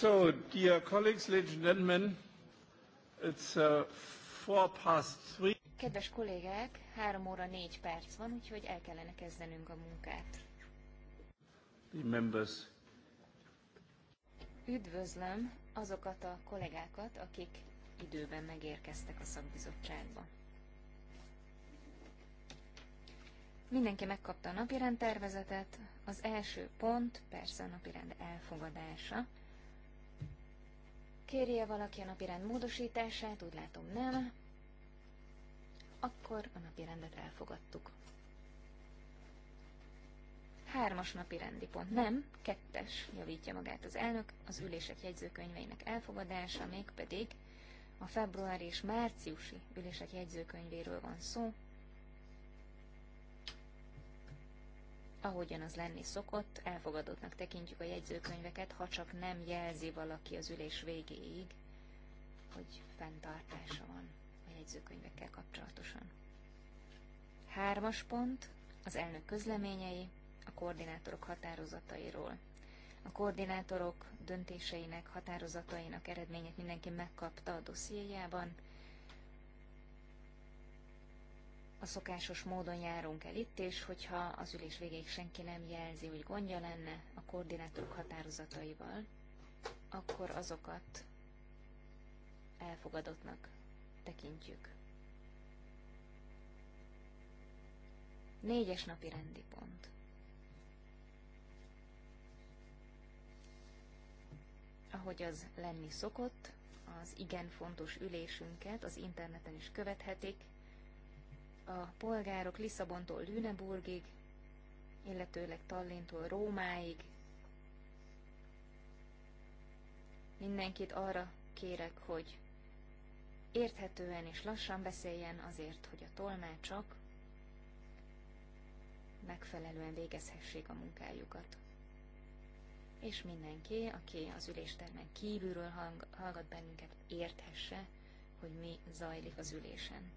So, dear colleagues, ladies and gentlemen, it's uh, four past three. Kedves kollégák, három óra négy perc van, úgyhogy el kellene kezdenünk a munkát. The members. Üdvözlöm azokat a kollégákat, akik időben megérkeztek a szakbizottságba. Mindenki megkapta a napirend tervezetet, az első pont persze a napirend elfogadása. Kérje valaki a napirend módosítását? Úgy látom nem. Akkor a napirendet elfogadtuk. Hármas napi rendi pont, nem, kettes, javítja magát az elnök, az ülések jegyzőkönyveinek elfogadása, mégpedig a februári és márciusi ülések jegyzőkönyvéről van szó, ahogyan az lenni szokott, elfogadottnak tekintjük a jegyzőkönyveket, ha csak nem jelzi valaki az ülés végéig, hogy fenntartása van a jegyzőkönyvekkel kapcsolatosan. Hármas pont, az elnök közleményei, a koordinátorok határozatairól. A koordinátorok döntéseinek, határozatainak eredményét mindenki megkapta a dossziéjában, a szokásos módon járunk el itt, és hogyha az ülés végéig senki nem jelzi, hogy gondja lenne a koordinátorok határozataival, akkor azokat elfogadottnak tekintjük. Négyes napi rendi pont. Ahogy az lenni szokott, az igen fontos ülésünket az interneten is követhetik, a polgárok Lisszabontól Lüneburgig, illetőleg Tallintól Rómáig. Mindenkit arra kérek, hogy érthetően és lassan beszéljen azért, hogy a tolmácsok megfelelően végezhessék a munkájukat. És mindenki, aki az üléstermen kívülről hallgat bennünket, érthesse, hogy mi zajlik az ülésen.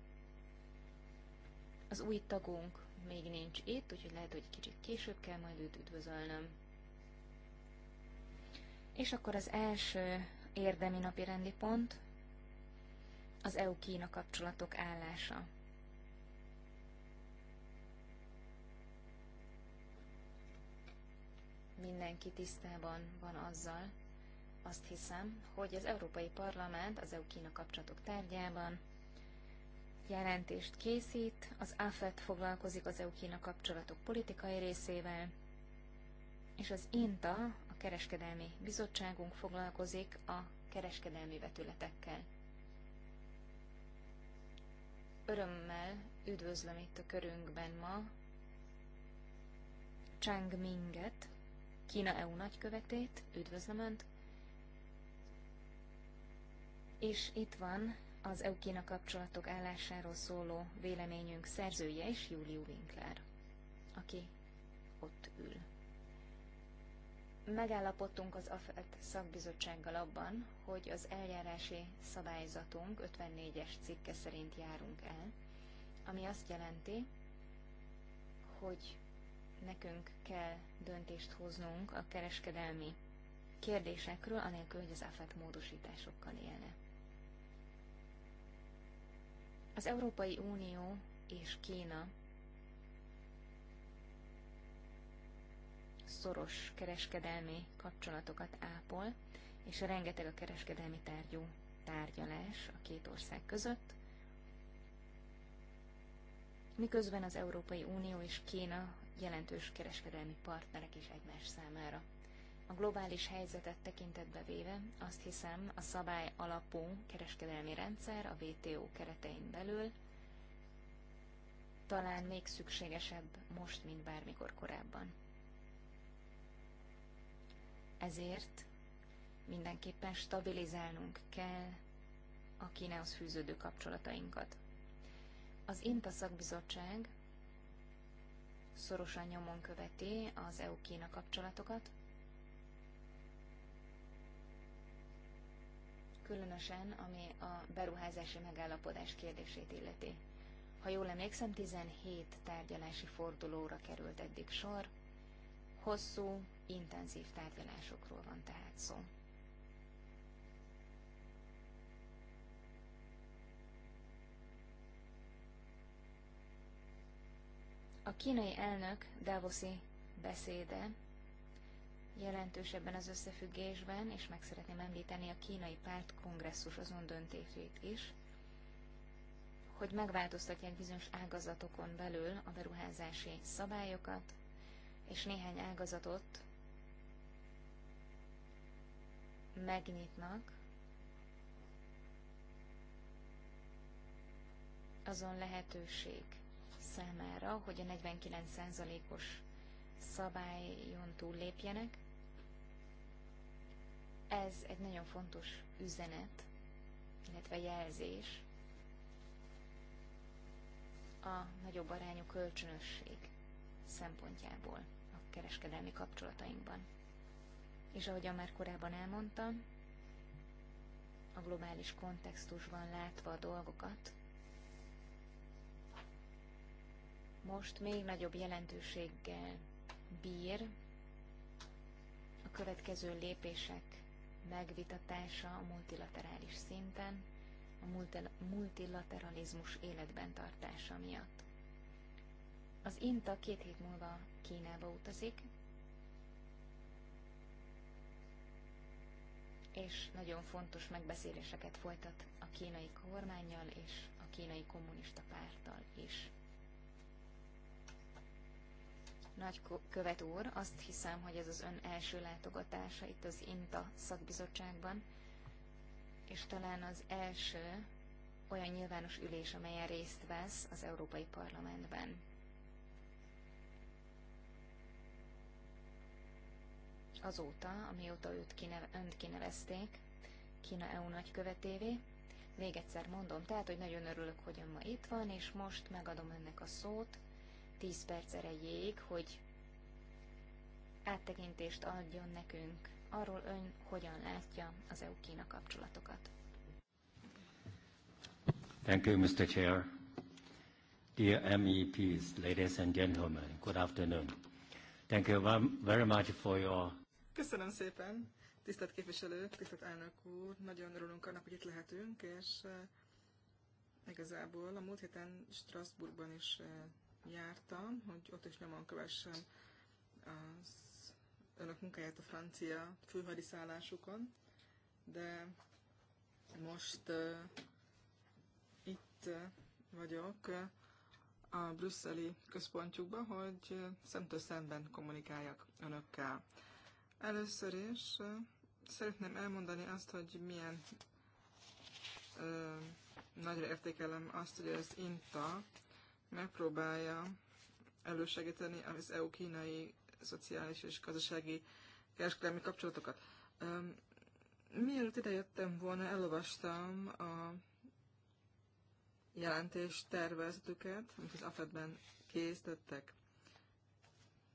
Az új tagunk még nincs itt, úgyhogy lehet, hogy kicsit később kell majd őt üdvözölnöm. És akkor az első érdemi napi rendi pont az EU-Kína kapcsolatok állása. Mindenki tisztában van azzal, azt hiszem, hogy az Európai Parlament az EU-Kína kapcsolatok tárgyában jelentést készít, az AFET foglalkozik az EU-Kína kapcsolatok politikai részével, és az INTA, a kereskedelmi bizottságunk foglalkozik a kereskedelmi vetületekkel. Örömmel üdvözlöm itt a körünkben ma Chang Minget, Kína EU nagykövetét, üdvözlöm Önt, és itt van az EU-Kína kapcsolatok állásáról szóló véleményünk szerzője is Júliu Winkler, aki ott ül. Megállapodtunk az AFET szakbizottsággal abban, hogy az eljárási szabályzatunk 54-es cikke szerint járunk el, ami azt jelenti, hogy nekünk kell döntést hoznunk a kereskedelmi kérdésekről, anélkül, hogy az AFET módosításokkal élne. Az Európai Unió és Kína szoros kereskedelmi kapcsolatokat ápol, és rengeteg a kereskedelmi tárgyú tárgyalás a két ország között, miközben az Európai Unió és Kína jelentős kereskedelmi partnerek is egymás számára. A globális helyzetet tekintetbe véve azt hiszem a szabály alapú kereskedelmi rendszer a WTO keretein belül talán még szükségesebb most, mint bármikor korábban. Ezért mindenképpen stabilizálnunk kell a Kínához fűződő kapcsolatainkat. Az INTA szakbizottság szorosan nyomon követi az EU-Kína kapcsolatokat, különösen ami a beruházási megállapodás kérdését illeti. Ha jól emlékszem, 17 tárgyalási fordulóra került eddig sor, hosszú, intenzív tárgyalásokról van tehát szó. A kínai elnök Davoszi beszéde jelentős ebben az összefüggésben, és meg szeretném említeni a kínai párt kongresszus azon döntését is, hogy megváltoztatják bizonyos ágazatokon belül a beruházási szabályokat, és néhány ágazatot megnyitnak azon lehetőség számára, hogy a 49%-os szabályon túllépjenek, ez egy nagyon fontos üzenet, illetve jelzés a nagyobb arányú kölcsönösség szempontjából a kereskedelmi kapcsolatainkban. És ahogyan már korábban elmondtam, a globális kontextusban látva a dolgokat, most még nagyobb jelentőséggel bír a következő lépések megvitatása a multilaterális szinten, a multilateralizmus életben tartása miatt. Az INTA két hét múlva Kínába utazik, és nagyon fontos megbeszéléseket folytat a kínai kormányjal és a kínai kommunista párttal is nagykövet úr, azt hiszem, hogy ez az ön első látogatása itt az INTA szakbizottságban, és talán az első olyan nyilvános ülés, amelyen részt vesz az Európai Parlamentben. Azóta, amióta őt kinev önt kinevezték Kína EU nagykövetévé, még egyszer mondom, tehát, hogy nagyon örülök, hogy ön ma itt van, és most megadom önnek a szót, 10 perc erejéig, hogy áttekintést adjon nekünk arról ön hogyan látja az EU-Kína kapcsolatokat. Thank you, Mr. Chair. Dear MEPs, ladies and gentlemen, good afternoon. Thank you very much for your... Köszönöm szépen, tisztelt képviselő, tisztelt elnök úr. Nagyon örülünk annak, hogy itt lehetünk, és eh, igazából a múlt héten Strasbourgban is eh, jártam, hogy ott is nyomon kövessem az önök munkáját a francia főhadiszállásukon, de most uh, itt uh, vagyok uh, a brüsszeli központjukban, hogy uh, szemtől szemben kommunikáljak önökkel. Először is uh, szeretném elmondani azt, hogy milyen uh, nagyra értékelem azt, hogy az INTA megpróbálja elősegíteni az EU-kínai szociális és gazdasági kereskedelmi kapcsolatokat. Mielőtt idejöttem volna, elolvastam a jelentés tervezetüket, amit az AFED-ben készítettek.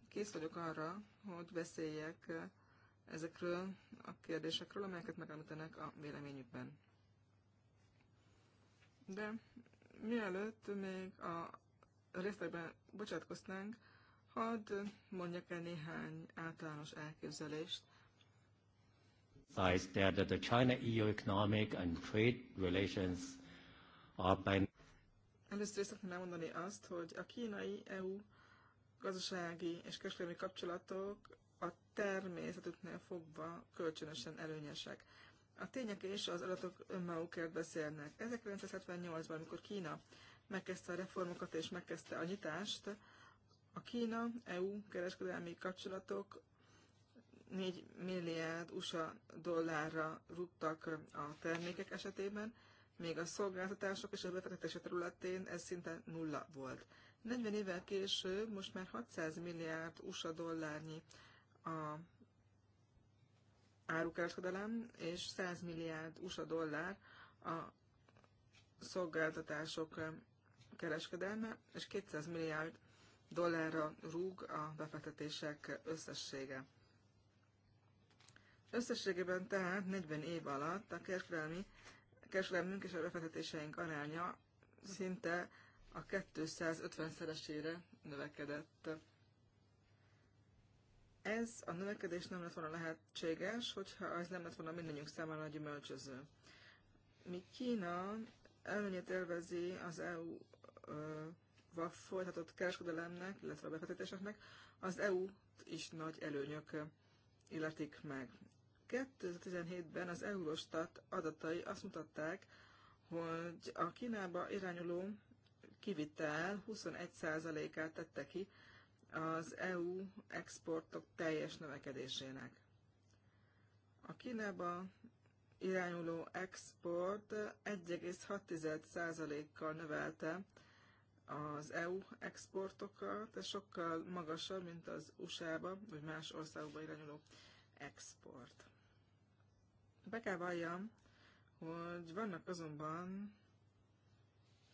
Kész vagyok arra, hogy beszéljek ezekről a kérdésekről, amelyeket megemlítenek a véleményükben. De mielőtt még a részletekben bocsátkoznánk, hadd mondjak el néhány általános elképzelést. that the China-EU economic and trade relations are by... Először is szeretném elmondani azt, hogy a kínai-EU gazdasági és kereskedelmi kapcsolatok a természetüknél fogva kölcsönösen előnyesek. A tények és az adatok önmagukért beszélnek. 1978-ban, amikor Kína megkezdte a reformokat és megkezdte a nyitást. A Kína-EU kereskedelmi kapcsolatok 4 milliárd USA dollárra rúgtak a termékek esetében, még a szolgáltatások és a befektetése területén ez szinte nulla volt. 40 évvel később most már 600 milliárd USA dollárnyi a árukereskedelem, és 100 milliárd USA dollár a szolgáltatások kereskedelme, és 200 milliárd dollárra rúg a befektetések összessége. Összességében tehát 40 év alatt a kereskedelmi, kereskedelmünk és a befektetéseink aránya szinte a 250-szeresére növekedett. Ez a növekedés nem lett volna lehetséges, hogyha ez nem lett volna mindannyiunk számára a gyümölcsöző. Mi Kína előnyét élvezi az EU folytatott kereskedelemnek, illetve a befektetéseknek az EU is nagy előnyök illetik meg. 2017-ben az Eurostat adatai azt mutatták, hogy a Kínába irányuló kivitel 21%-át tette ki az EU exportok teljes növekedésének. A Kínába irányuló export 1,6%-kal növelte az EU exportokat, tehát sokkal magasabb, mint az USA-ba vagy más országokba irányuló export. Be kell valljam, hogy vannak azonban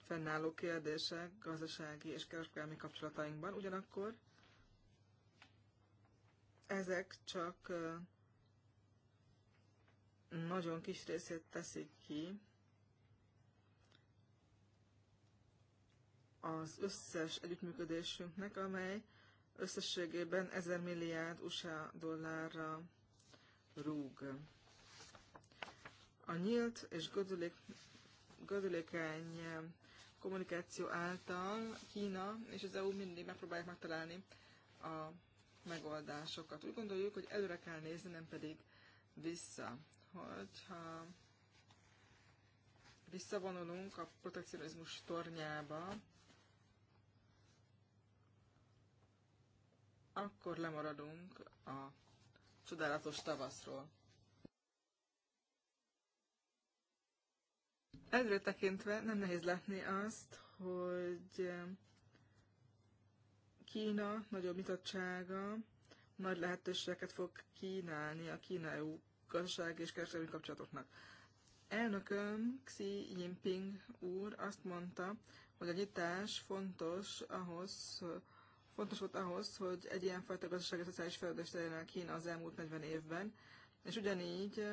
fennálló kérdések gazdasági és kereskedelmi kapcsolatainkban, ugyanakkor ezek csak nagyon kis részét teszik ki az összes együttműködésünknek, amely összességében 1000 milliárd USA dollárra rúg. A nyílt és gödülékeny kommunikáció által Kína és az EU mindig megpróbálják megtalálni a megoldásokat. Úgy gondoljuk, hogy előre kell nézni, nem pedig vissza. Hogyha visszavonulunk a protekcionizmus tornyába, akkor lemaradunk a csodálatos tavaszról. Előre tekintve nem nehéz látni azt, hogy eh, Kína nagyobb nyitottsága nagy lehetőségeket fog kínálni a Kína-EU gazdaság és kereskedelmi kapcsolatoknak. Elnököm Xi Jinping úr azt mondta, hogy a nyitás fontos ahhoz, fontos volt ahhoz, hogy egy ilyenfajta gazdasági szociális fejlődést legyen el Kína az elmúlt 40 évben, és ugyanígy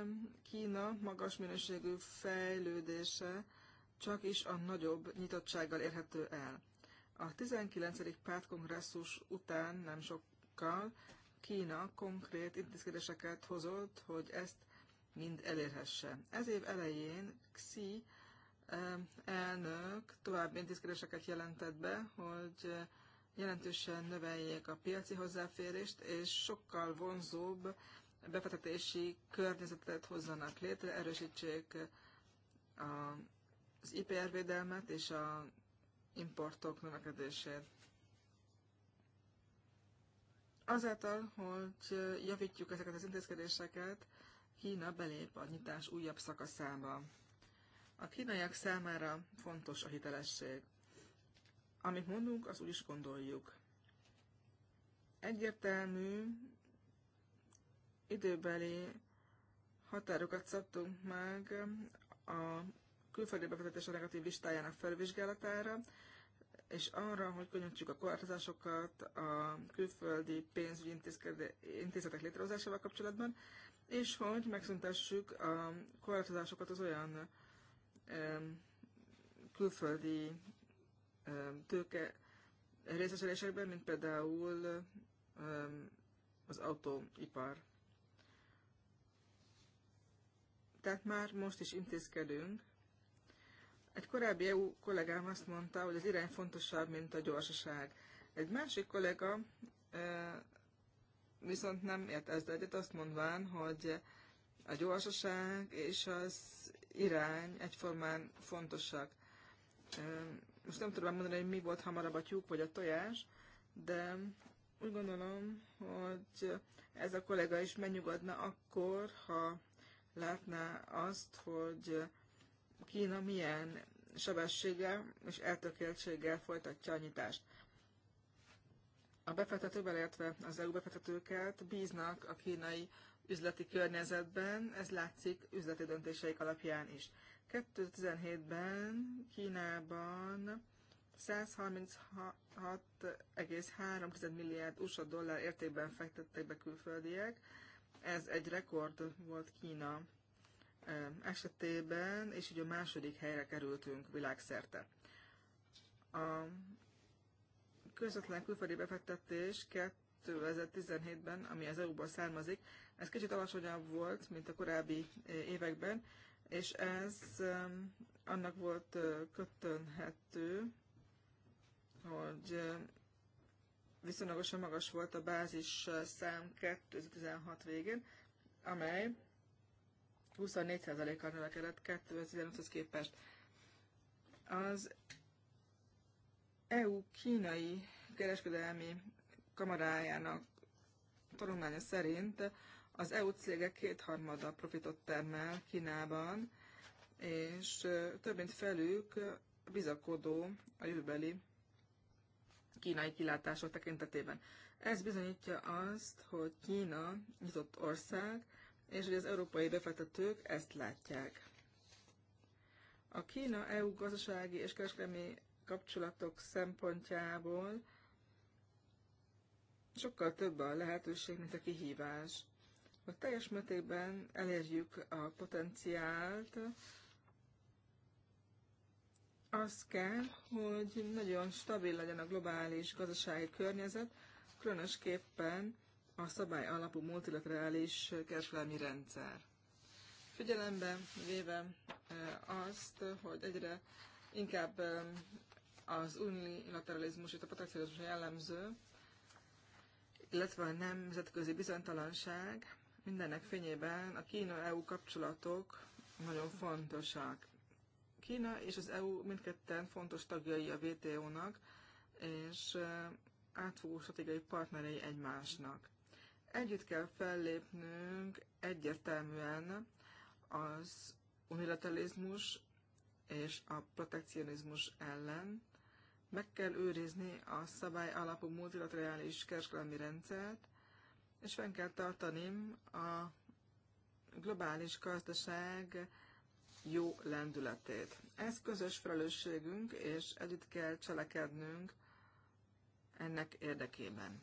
Kína magas minőségű fejlődése csak is a nagyobb nyitottsággal érhető el. A 19. pártkongresszus után nem sokkal Kína konkrét intézkedéseket hozott, hogy ezt mind elérhesse. Ez év elején Xi elnök további intézkedéseket jelentett be, hogy jelentősen növeljék a piaci hozzáférést, és sokkal vonzóbb befektetési környezetet hozzanak létre, erősítsék az IPR védelmet és a importok növekedését. Azáltal, hogy javítjuk ezeket az intézkedéseket, Kína belép a nyitás újabb szakaszába. A kínaiak számára fontos a hitelesség amit mondunk, az úgy is gondoljuk. Egyértelmű időbeli határokat szabtunk meg a külföldi a negatív listájának felvizsgálatára, és arra, hogy könnyítsük a korlátozásokat a külföldi pénzügyi intézetek létrehozásával kapcsolatban, és hogy megszüntessük a korlátozásokat az olyan külföldi tőke részesedésekben, mint például az autóipar. Tehát már most is intézkedünk. Egy korábbi EU kollégám azt mondta, hogy az irány fontosabb, mint a gyorsaság. Egy másik kollega viszont nem ért ezzel egyet, azt mondván, hogy a gyorsaság és az irány egyformán fontosak most nem tudom mondani, hogy mi volt hamarabb a tyúk vagy a tojás, de úgy gondolom, hogy ez a kollega is megnyugodna akkor, ha látná azt, hogy Kína milyen sebességgel és eltökéltséggel folytatja a nyitást. A befektetővel értve az EU befektetőket bíznak a kínai üzleti környezetben, ez látszik üzleti döntéseik alapján is. 2017-ben Kínában 136,3 milliárd USA dollár értékben fektettek be külföldiek. Ez egy rekord volt Kína esetében, és így a második helyre kerültünk világszerte. A közvetlen külföldi befektetés 2017-ben, ami az EU-ból származik, ez kicsit alacsonyabb volt, mint a korábbi években, és ez annak volt kötönhető, hogy viszonylagosan magas volt a bázis szám 2016 végén, amely 24%-kal növekedett 2015-höz képest. Az EU-kínai kereskedelmi kamarájának tanulmánya szerint az EU cégek kétharmada profitot termel Kínában, és több mint felük bizakodó a jövőbeli kínai kilátások tekintetében. Ez bizonyítja azt, hogy Kína nyitott ország, és hogy az európai befektetők ezt látják. A Kína-EU gazdasági és kereskedelmi kapcsolatok szempontjából sokkal több a lehetőség, mint a kihívás hogy teljes mértékben elérjük a potenciált, az kell, hogy nagyon stabil legyen a globális gazdasági környezet, különösképpen a szabály alapú multilaterális kereskedelmi rendszer. Figyelembe véve e, azt, hogy egyre inkább e, az unilateralizmus, itt a protekcionizmus jellemző, illetve a nemzetközi bizonytalanság, Mindennek fényében a Kína-EU kapcsolatok nagyon fontosak. Kína és az EU mindketten fontos tagjai a WTO-nak, és átfogó stratégiai partnerei egymásnak. Együtt kell fellépnünk egyértelműen az unilateralizmus és a protekcionizmus ellen. Meg kell őrizni a szabály alapú multilaterális kereskedelmi rendszert, és fenn kell tartani a globális gazdaság jó lendületét. Ez közös felelősségünk, és együtt kell cselekednünk ennek érdekében.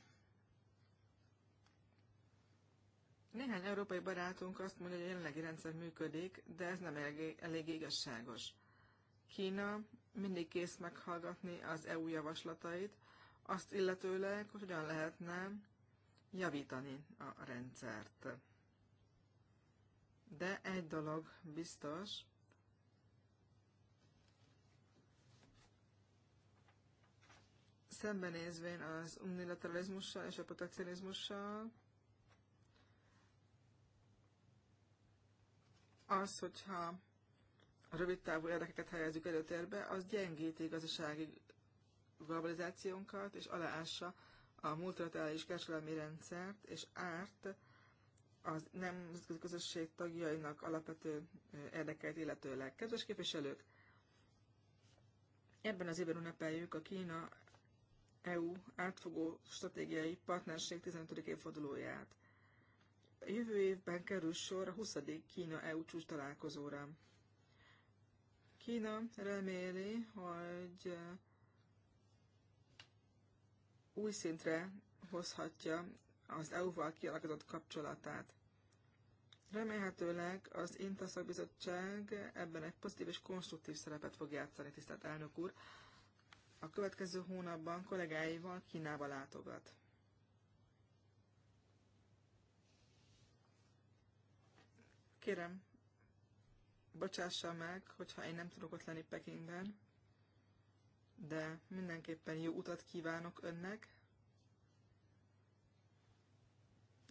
Néhány európai barátunk azt mondja, hogy a jelenlegi rendszer működik, de ez nem elég, elég igazságos. Kína mindig kész meghallgatni az EU javaslatait, azt illetőleg, hogy hogyan lehetne javítani a rendszert. De egy dolog biztos, szembenézvén az unilateralizmussal és a protekcionizmussal, az, hogyha a rövid távú érdekeket helyezzük előtérbe, az gyengíti gazdasági globalizációnkat, és aláássa a multilaterális kereskedelmi rendszert, és árt az nemzetközi közösség tagjainak alapvető érdekeit illetőleg. Kedves képviselők, ebben az évben ünnepeljük a Kína EU átfogó stratégiai partnerség 15. évfordulóját. Jövő évben kerül sor a 20. Kína-EU csúcs találkozóra. Kína reméli, hogy új szintre hozhatja az EU-val kialakított kapcsolatát. Remélhetőleg az INTA szakbizottság ebben egy pozitív és konstruktív szerepet fog játszani, tisztelt elnök úr. A következő hónapban kollégáival Kínába látogat. Kérem, bocsássa meg, hogyha én nem tudok ott lenni Pekingben de mindenképpen jó utat kívánok önnek.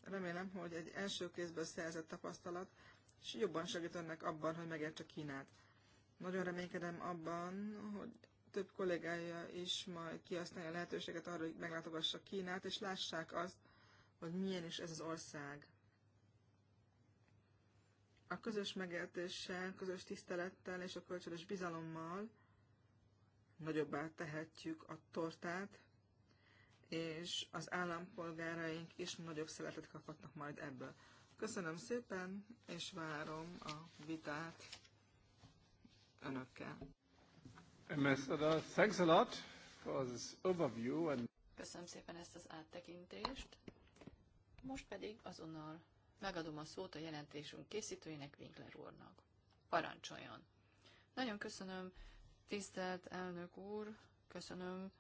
Remélem, hogy egy első kézből szerzett tapasztalat, és jobban segít önnek abban, hogy megértse Kínát. Nagyon reménykedem abban, hogy több kollégája is majd kihasználja a lehetőséget arra, hogy meglátogassa Kínát, és lássák azt, hogy milyen is ez az ország. A közös megértéssel, közös tisztelettel és a kölcsönös bizalommal nagyobbá tehetjük a tortát, és az állampolgáraink is nagyobb szeretet kaphatnak majd ebből. Köszönöm szépen, és várom a vitát önökkel. Thanks a lot for this overview and... Köszönöm szépen ezt az áttekintést. Most pedig azonnal megadom a szót a jelentésünk készítőjének, Winkler úrnak. Parancsoljon! Nagyon köszönöm, Tisztelt elnök úr, köszönöm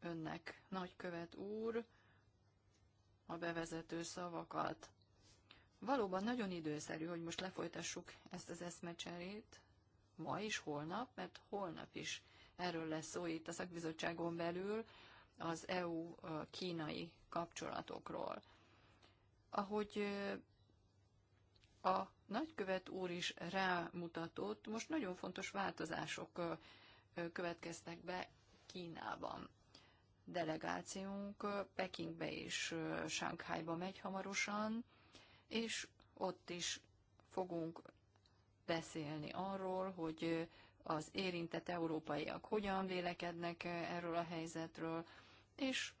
önnek, nagykövet úr, a bevezető szavakat. Valóban nagyon időszerű, hogy most lefolytassuk ezt az eszmecserét, ma is, holnap, mert holnap is erről lesz szó itt a szakbizottságon belül, az EU-kínai kapcsolatokról. Ahogy a nagykövet úr is rámutatott, most nagyon fontos változások következtek be Kínában. Delegációnk Pekingbe és Sánkhájba megy hamarosan, és ott is fogunk beszélni arról, hogy az érintett európaiak hogyan vélekednek erről a helyzetről, és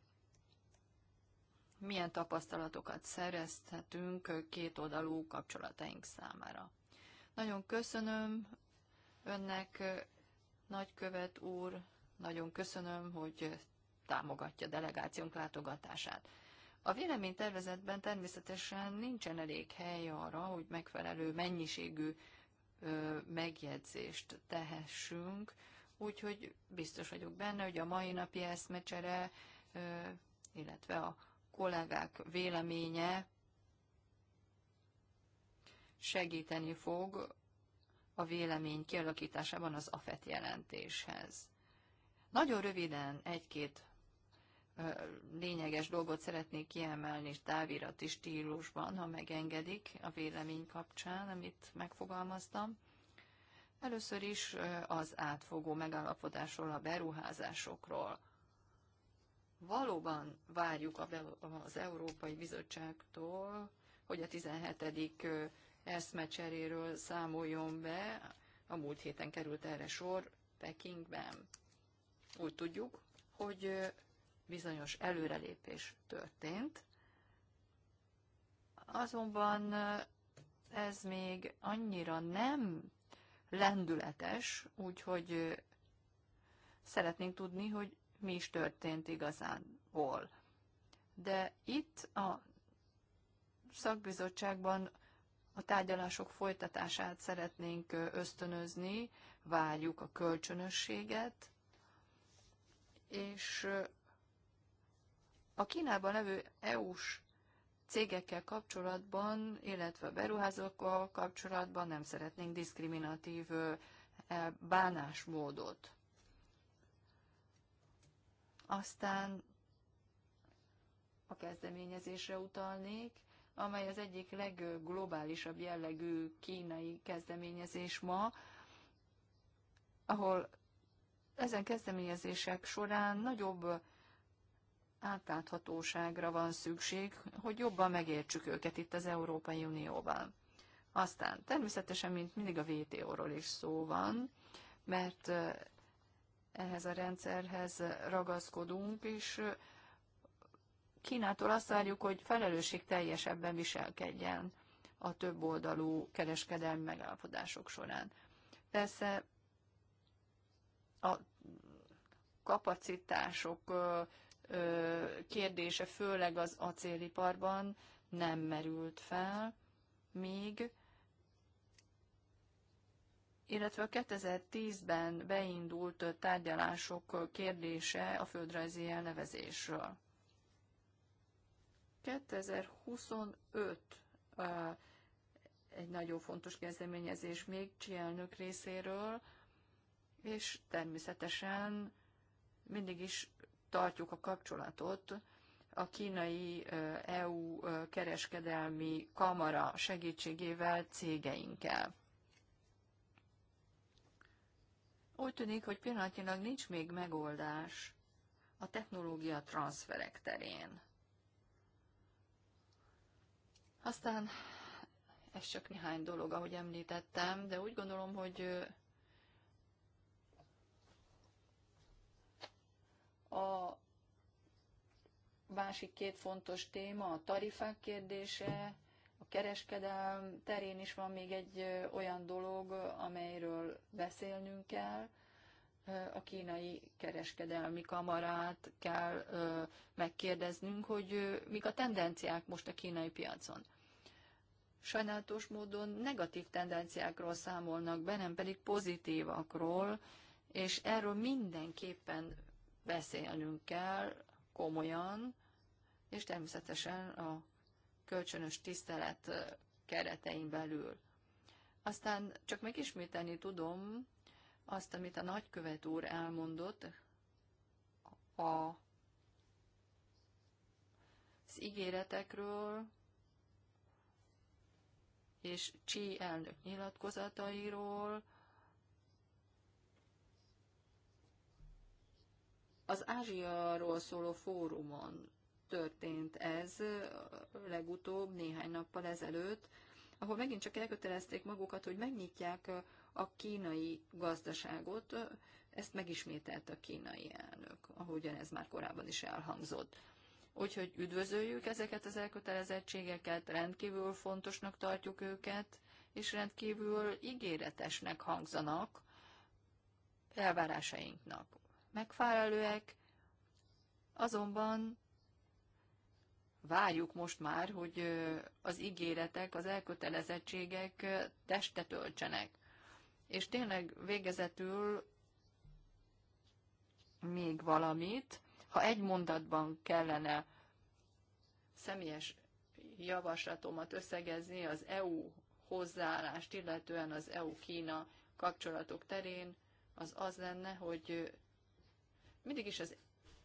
milyen tapasztalatokat szerezhetünk két oldalú kapcsolataink számára. Nagyon köszönöm önnek, nagykövet úr, nagyon köszönöm, hogy támogatja delegációnk látogatását. A véleménytervezetben természetesen nincsen elég hely arra, hogy megfelelő mennyiségű megjegyzést tehessünk, úgyhogy biztos vagyok benne, hogy a mai napi eszmecsere, illetve a kollégák véleménye segíteni fog a vélemény kialakításában az AFET jelentéshez. Nagyon röviden egy-két lényeges dolgot szeretnék kiemelni és távirati stílusban, ha megengedik a vélemény kapcsán, amit megfogalmaztam. Először is az átfogó megállapodásról, a beruházásokról – valóban várjuk az Európai Bizottságtól, hogy a 17. eszmecseréről számoljon be, a múlt héten került erre sor Pekingben. Úgy tudjuk, hogy bizonyos előrelépés történt, azonban ez még annyira nem lendületes, úgyhogy szeretnénk tudni, hogy mi is történt hol. De itt a szakbizottságban a tárgyalások folytatását szeretnénk ösztönözni, várjuk a kölcsönösséget, és a Kínában levő EU-s cégekkel kapcsolatban, illetve beruházókkal kapcsolatban nem szeretnénk diszkriminatív e, bánásmódot. Aztán a kezdeményezésre utalnék, amely az egyik legglobálisabb jellegű kínai kezdeményezés ma, ahol ezen kezdeményezések során nagyobb átláthatóságra van szükség, hogy jobban megértsük őket itt az Európai Unióban. Aztán természetesen, mint mindig a WTO-ról is szó van, mert ehhez a rendszerhez ragaszkodunk, és Kínától azt várjuk, hogy felelősség teljesebben viselkedjen a több oldalú kereskedelmi megállapodások során. Persze a kapacitások kérdése, főleg az acéliparban nem merült fel, még illetve a 2010-ben beindult tárgyalások kérdése a földrajzi elnevezésről. 2025 egy nagyon fontos kezdeményezés még Csielnök részéről, és természetesen mindig is tartjuk a kapcsolatot a kínai EU kereskedelmi kamara segítségével cégeinkkel. Úgy tűnik, hogy pillanatnyilag nincs még megoldás a technológia transferek terén. Aztán ez csak néhány dolog, ahogy említettem, de úgy gondolom, hogy a másik két fontos téma a tarifák kérdése, kereskedelm terén is van még egy olyan dolog, amelyről beszélnünk kell. A kínai kereskedelmi kamarát kell megkérdeznünk, hogy mik a tendenciák most a kínai piacon. Sajnálatos módon negatív tendenciákról számolnak be, nem pedig pozitívakról, és erről mindenképpen beszélnünk kell komolyan, és természetesen a kölcsönös tisztelet keretein belül. Aztán csak megismételni tudom azt, amit a nagykövet úr elmondott, a, az ígéretekről és Csi elnök nyilatkozatairól, az Ázsiáról szóló fórumon történt ez legutóbb néhány nappal ezelőtt, ahol megint csak elkötelezték magukat, hogy megnyitják a kínai gazdaságot, ezt megismételt a kínai elnök, ahogyan ez már korábban is elhangzott. Úgyhogy üdvözöljük ezeket az elkötelezettségeket, rendkívül fontosnak tartjuk őket, és rendkívül ígéretesnek hangzanak elvárásainknak. Megfelelőek, azonban várjuk most már, hogy az ígéretek, az elkötelezettségek testet öltsenek. És tényleg végezetül még valamit, ha egy mondatban kellene személyes javaslatomat összegezni az EU hozzáállást, illetően az EU-Kína kapcsolatok terén, az az lenne, hogy mindig is az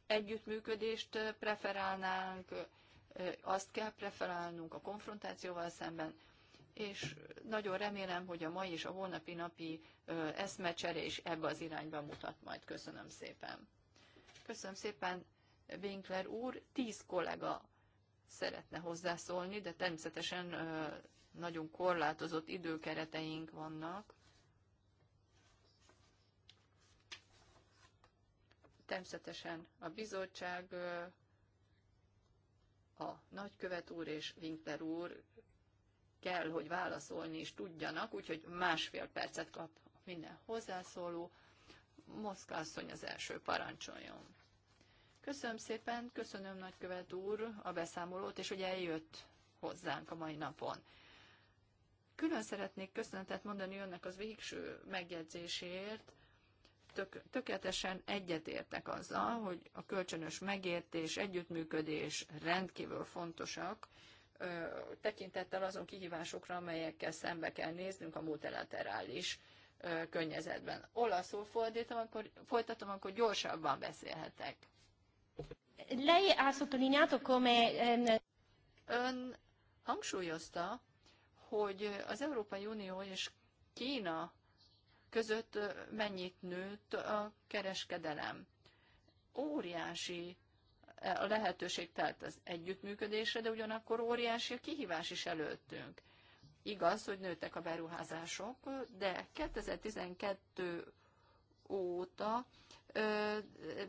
együttműködést preferálnánk, azt kell preferálnunk a konfrontációval szemben, és nagyon remélem, hogy a mai és a holnapi napi eszmecsere is ebbe az irányba mutat majd. Köszönöm szépen. Köszönöm szépen, Winkler úr. Tíz kollega szeretne hozzászólni, de természetesen nagyon korlátozott időkereteink vannak. Természetesen a bizottság a nagykövet úr és Winkler úr kell, hogy válaszolni is tudjanak, úgyhogy másfél percet kap minden hozzászóló. Moszka asszony az első parancsoljon. Köszönöm szépen, köszönöm nagykövet úr a beszámolót, és hogy eljött hozzánk a mai napon. Külön szeretnék köszönetet mondani önnek az végső megjegyzésért tök, tökéletesen egyetértek azzal, hogy a kölcsönös megértés, együttműködés rendkívül fontosak, tekintettel azon kihívásokra, amelyekkel szembe kell néznünk a multilaterális környezetben. Olaszul fordítom, akkor, folytatom, akkor gyorsabban beszélhetek. Lei ha sottolineato come... Ehm, Ön hangsúlyozta, hogy az Európai Unió és Kína között mennyit nőtt a kereskedelem. Óriási e, a lehetőség telt az együttműködésre, de ugyanakkor óriási a kihívás is előttünk. Igaz, hogy nőttek a beruházások, de 2012 óta ö,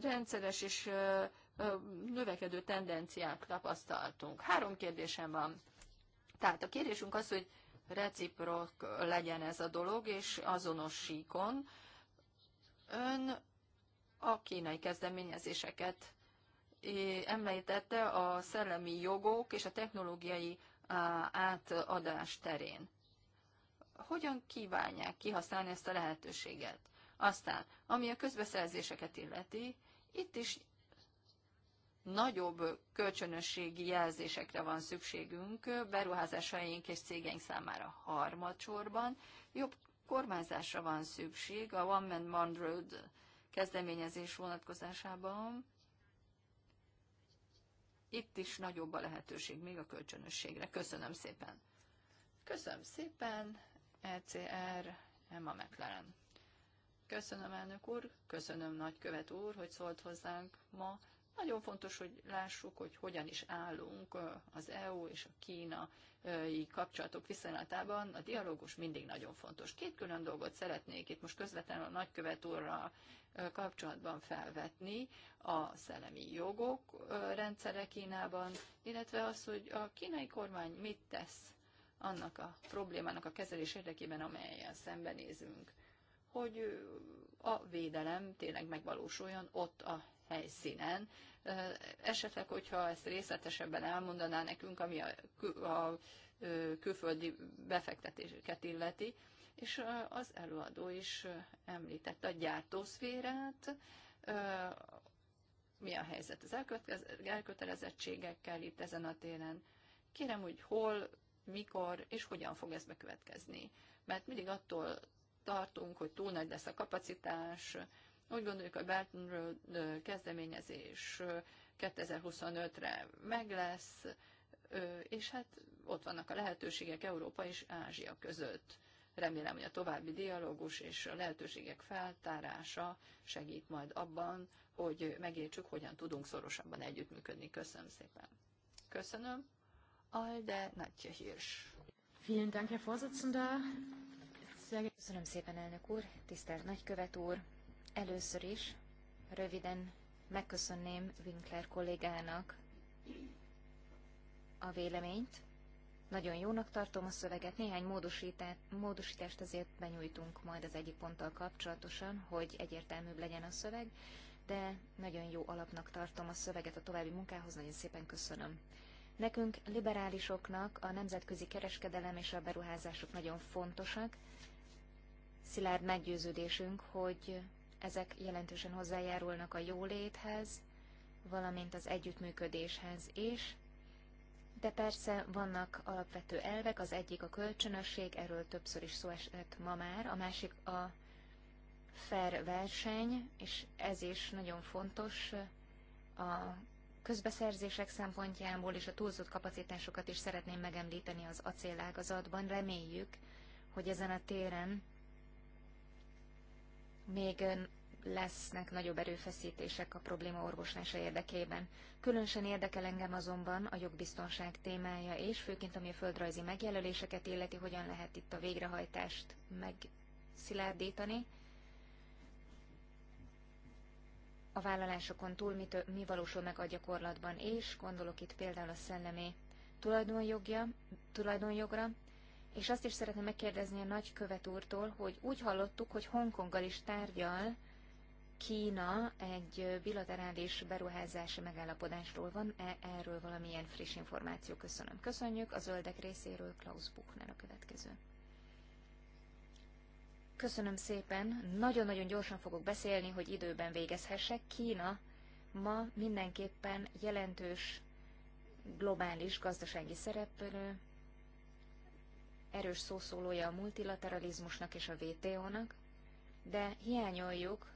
rendszeres és ö, ö, növekedő tendenciák tapasztaltunk. Három kérdésem van. Tehát a kérésünk az, hogy reciprok legyen ez a dolog, és azonos síkon. Ön a kínai kezdeményezéseket említette a szellemi jogok és a technológiai átadás terén. Hogyan kívánják kihasználni ezt a lehetőséget? Aztán, ami a közbeszerzéseket illeti, itt is nagyobb kölcsönösségi jelzésekre van szükségünk beruházásaink és cégeink számára harmadsorban. Jobb kormányzásra van szükség a One Man One Road kezdeményezés vonatkozásában. Itt is nagyobb a lehetőség még a kölcsönösségre. Köszönöm szépen. Köszönöm szépen, ECR, Emma McLaren. Köszönöm, elnök úr, köszönöm, nagykövet úr, hogy szólt hozzánk ma. Nagyon fontos, hogy lássuk, hogy hogyan is állunk az EU és a kínai kapcsolatok viszonylatában. A dialógus mindig nagyon fontos. Két külön dolgot szeretnék itt most közvetlenül a nagykövet úrral kapcsolatban felvetni a szellemi jogok rendszere Kínában, illetve az, hogy a kínai kormány mit tesz annak a problémának a kezelés érdekében, amelyel szembenézünk, hogy a védelem tényleg megvalósuljon ott a helyszínen. Esetleg, hogyha ezt részletesebben elmondaná nekünk, ami a, kül- a külföldi befektetéseket illeti, és az előadó is említette a gyártószférát, mi a helyzet az elkötelezettségekkel itt ezen a téren. Kérem, hogy hol, mikor és hogyan fog ez bekövetkezni. Mert mindig attól tartunk, hogy túl nagy lesz a kapacitás, úgy gondoljuk, a Bretton Road kezdeményezés 2025-re meg lesz, és hát ott vannak a lehetőségek Európa és Ázsia között. Remélem, hogy a további dialógus és a lehetőségek feltárása segít majd abban, hogy megértsük, hogyan tudunk szorosabban együttműködni. Köszönöm szépen. Köszönöm. Alde Natya Hirsch. Vielen Dank, Herr Vorsitzender. Köszönöm szépen, elnök úr, tisztelt nagykövet úr, Először is röviden megköszönném Winkler kollégának a véleményt. Nagyon jónak tartom a szöveget, néhány módosítást azért benyújtunk majd az egyik ponttal kapcsolatosan, hogy egyértelműbb legyen a szöveg, de nagyon jó alapnak tartom a szöveget a további munkához, nagyon szépen köszönöm. Nekünk, liberálisoknak a nemzetközi kereskedelem és a beruházások nagyon fontosak. Szilárd meggyőződésünk, hogy ezek jelentősen hozzájárulnak a jóléthez, valamint az együttműködéshez is, de persze vannak alapvető elvek, az egyik a kölcsönösség, erről többször is szó esett ma már, a másik a fair verseny, és ez is nagyon fontos a közbeszerzések szempontjából, és a túlzott kapacitásokat is szeretném megemlíteni az acélágazatban. Reméljük, hogy ezen a téren még lesznek nagyobb erőfeszítések a probléma orvoslása érdekében. Különösen érdekel engem azonban a jogbiztonság témája, és főként ami a földrajzi megjelöléseket illeti, hogyan lehet itt a végrehajtást megszilárdítani. A vállalásokon túl mi, mi valósul meg a gyakorlatban, és gondolok itt például a szellemi tulajdonjogra, és azt is szeretném megkérdezni a nagykövet úrtól, hogy úgy hallottuk, hogy Hongkonggal is tárgyal Kína egy bilaterális beruházási megállapodásról van, -e erről valamilyen friss információ köszönöm. Köszönjük a zöldek részéről Klaus Buchner a következő. Köszönöm szépen, nagyon-nagyon gyorsan fogok beszélni, hogy időben végezhessek. Kína ma mindenképpen jelentős globális gazdasági szereplő, erős szószólója a multilateralizmusnak és a WTO-nak, de hiányoljuk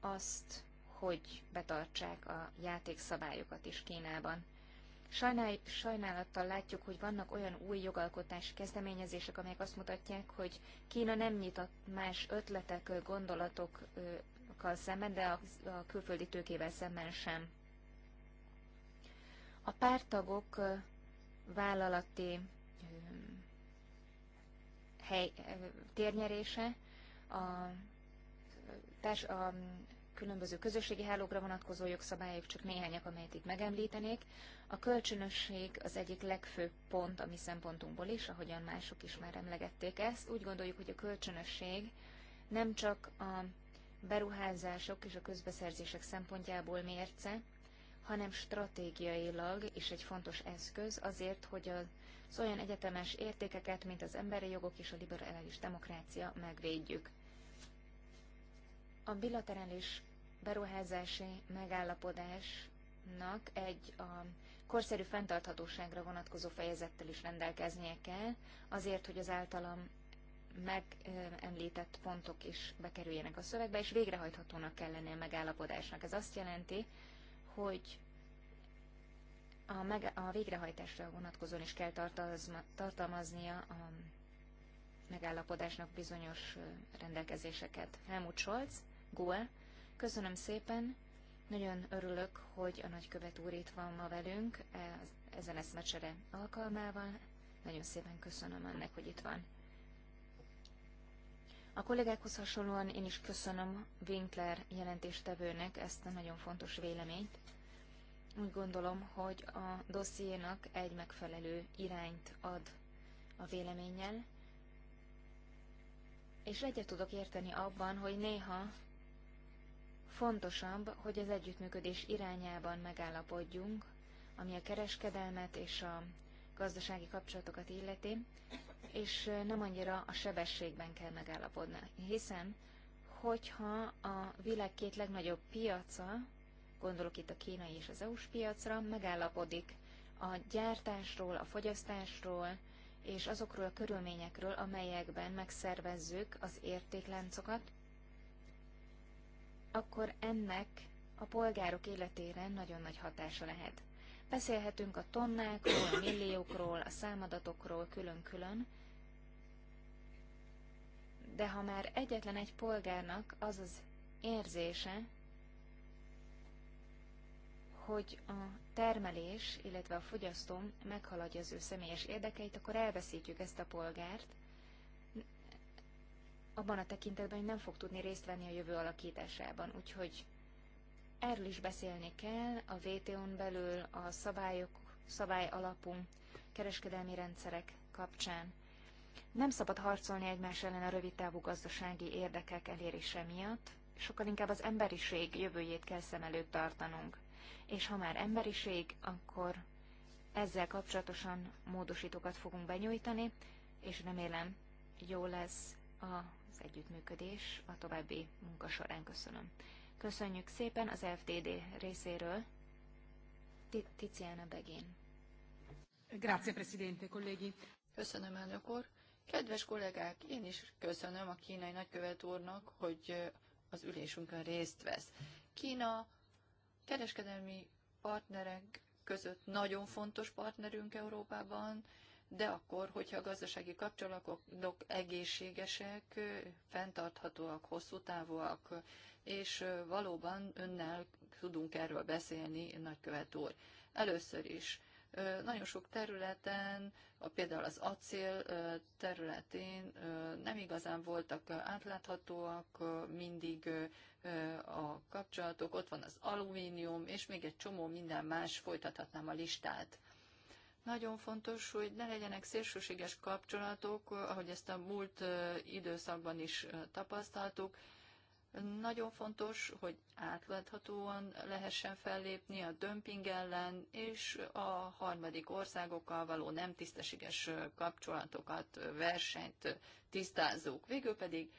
azt, hogy betartsák a játékszabályokat is Kínában. Sajnál, sajnálattal látjuk, hogy vannak olyan új jogalkotási kezdeményezések, amelyek azt mutatják, hogy Kína nem nyitott más ötletek, gondolatokkal szemben, de a, a külföldi tőkével szemben sem. A pártagok vállalati hely, térnyerése, a, társ, a különböző közösségi hálókra vonatkozó jogszabályok, csak néhányak, amelyet itt megemlítenék. A kölcsönösség az egyik legfőbb pont a mi szempontunkból is, ahogyan mások is már emlegették ezt. Úgy gondoljuk, hogy a kölcsönösség nem csak a beruházások és a közbeszerzések szempontjából mérce, hanem stratégiailag is egy fontos eszköz azért, hogy a az olyan egyetemes értékeket, mint az emberi jogok és a liberális demokrácia megvédjük. A bilaterális beruházási megállapodásnak egy a korszerű fenntarthatóságra vonatkozó fejezettel is rendelkeznie kell, azért, hogy az általam megemlített pontok is bekerüljenek a szövegbe, és végrehajthatónak kell lenni a megállapodásnak. Ez azt jelenti, hogy a, meg, a végrehajtásra vonatkozóan is kell tartalmaznia a megállapodásnak bizonyos rendelkezéseket. Helmut Scholz, Goe, köszönöm szépen, nagyon örülök, hogy a nagykövet úr itt van ma velünk e, ezen eszmecsere alkalmával. Nagyon szépen köszönöm ennek, hogy itt van. A kollégákhoz hasonlóan én is köszönöm Winkler jelentéstevőnek ezt a nagyon fontos véleményt, úgy gondolom, hogy a dossziénak egy megfelelő irányt ad a véleménnyel, és egyet tudok érteni abban, hogy néha fontosabb, hogy az együttműködés irányában megállapodjunk, ami a kereskedelmet és a gazdasági kapcsolatokat illeti, és nem annyira a sebességben kell megállapodni, hiszen hogyha a világ két legnagyobb piaca gondolok itt a kínai és az EU-s piacra, megállapodik a gyártásról, a fogyasztásról, és azokról a körülményekről, amelyekben megszervezzük az értékláncokat, akkor ennek a polgárok életére nagyon nagy hatása lehet. Beszélhetünk a tonnákról, a milliókról, a számadatokról külön-külön, de ha már egyetlen egy polgárnak az az érzése, hogy a termelés, illetve a fogyasztó meghaladja az ő személyes érdekeit, akkor elveszítjük ezt a polgárt, abban a tekintetben, hogy nem fog tudni részt venni a jövő alakításában. Úgyhogy erről is beszélni kell, a WTO-n belül a szabályok, szabály alapú kereskedelmi rendszerek kapcsán. Nem szabad harcolni egymás ellen a rövid távú gazdasági érdekek elérése miatt, sokkal inkább az emberiség jövőjét kell szem előtt tartanunk és ha már emberiség, akkor ezzel kapcsolatosan módosítókat fogunk benyújtani, és remélem jó lesz az együttműködés a további munka során. Köszönöm. Köszönjük szépen az FTD részéről. Tiziana Begén. Grazie, Presidente, colleghi. Köszönöm, elnök úr. Kedves kollégák, én is köszönöm a kínai nagykövet úrnak, hogy az ülésünkön részt vesz. Kína kereskedelmi partnerek között nagyon fontos partnerünk Európában, de akkor, hogyha a gazdasági kapcsolatok egészségesek, fenntarthatóak, hosszú távúak, és valóban önnel tudunk erről beszélni, nagykövet úr. Először is nagyon sok területen, például az acél területén nem igazán voltak átláthatóak mindig a kapcsolatok, ott van az alumínium, és még egy csomó minden más, folytathatnám a listát. Nagyon fontos, hogy ne legyenek szélsőséges kapcsolatok, ahogy ezt a múlt időszakban is tapasztaltuk, nagyon fontos, hogy átláthatóan lehessen fellépni a dömping ellen és a harmadik országokkal való nem tisztességes kapcsolatokat, versenyt tisztázzuk. Végül pedig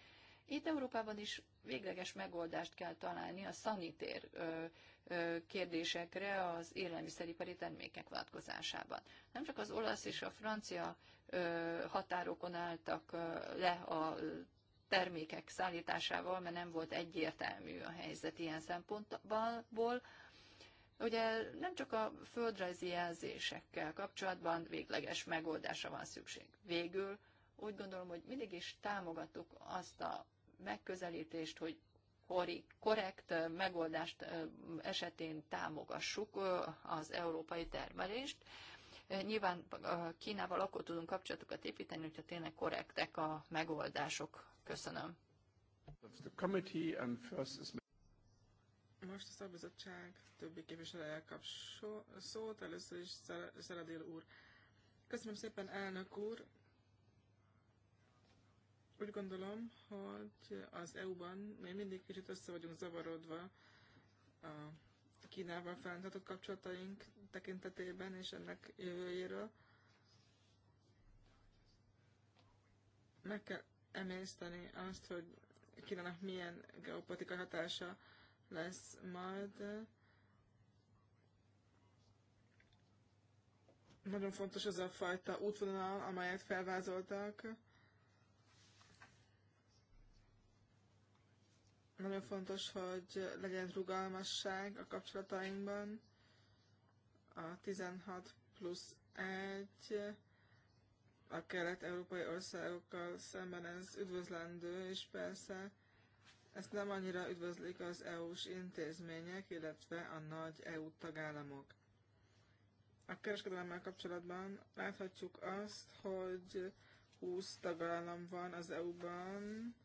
itt Európában is végleges megoldást kell találni a szanitér kérdésekre az élelmiszeripari termékek vonatkozásában. Nem csak az olasz és a francia határokon álltak le a termékek szállításával, mert nem volt egyértelmű a helyzet ilyen szempontból. Ugye nem csak a földrajzi jelzésekkel kapcsolatban végleges megoldásra van szükség. Végül úgy gondolom, hogy mindig is támogattuk azt a megközelítést, hogy korrekt megoldást esetén támogassuk az európai termelést. Nyilván Kínával akkor tudunk kapcsolatokat építeni, hogyha tényleg korrektek a megoldások Köszönöm. Most a szabizottság többi képviselője kap szót, először is Szeradél úr. Köszönöm szépen, elnök úr. Úgy gondolom, hogy az EU-ban még mindig kicsit össze vagyunk zavarodva a Kínával fenntartott kapcsolataink tekintetében és ennek jövőjéről. Meg kell emészteni azt, hogy kinek milyen geopolitikai hatása lesz majd. Nagyon fontos az a fajta útvonal, amelyet felvázoltak. Nagyon fontos, hogy legyen rugalmasság a kapcsolatainkban. A 16 plusz 1 a kelet-európai országokkal szemben ez üdvözlendő, és persze ezt nem annyira üdvözlik az EU-s intézmények, illetve a nagy EU tagállamok. A kereskedelemmel kapcsolatban láthatjuk azt, hogy 20 tagállam van az EU-ban,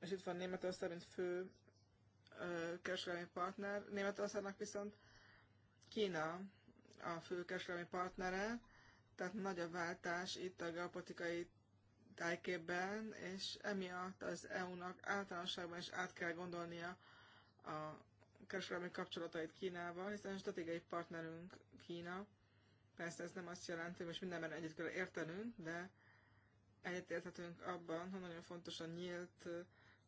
és itt van Németország, mint fő kereskedelmi partner. Németországnak viszont Kína a fő kereskedelmi partnere, tehát nagy a váltás itt a geopolitikai tájképben, és emiatt az EU-nak általánosságban is át kell gondolnia a kereskedelmi kapcsolatait Kínával, hiszen stratégiai partnerünk Kína. Persze ez nem azt jelenti, hogy most mindenben együtt kell értenünk, de egyetérthetünk abban, hogy nagyon fontos a nyílt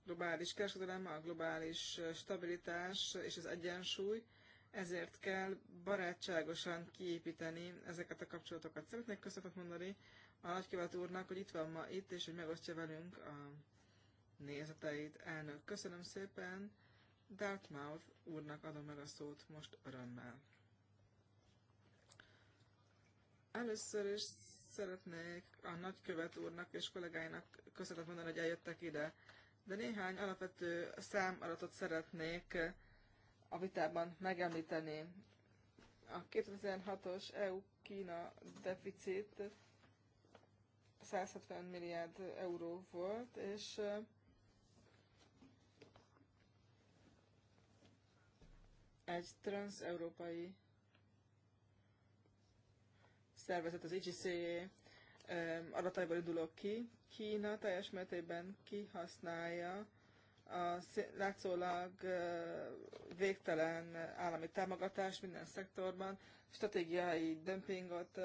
globális kereskedelem, a globális stabilitás és az egyensúly, ezért kell barátságosan kiépíteni ezeket a kapcsolatokat. Szeretnék köszönetet mondani a nagykövet úrnak, hogy itt van ma itt, és hogy megosztja velünk a nézeteit. Elnök, köszönöm szépen. Dartmouth úrnak adom meg a szót most örömmel. Először is szeretnék a nagykövet úrnak és kollégáinak köszönetet mondani, hogy eljöttek ide, de néhány alapvető számadatot szeretnék a vitában megemlíteni. A 2006-os EU-Kína deficit 170 milliárd euró volt, és eh, egy transeurópai szervezet, az IGCA e, eh, adataiból indulok ki. Kína teljes mértékben kihasználja a látszólag végtelen állami támogatás minden szektorban, stratégiai dömpingot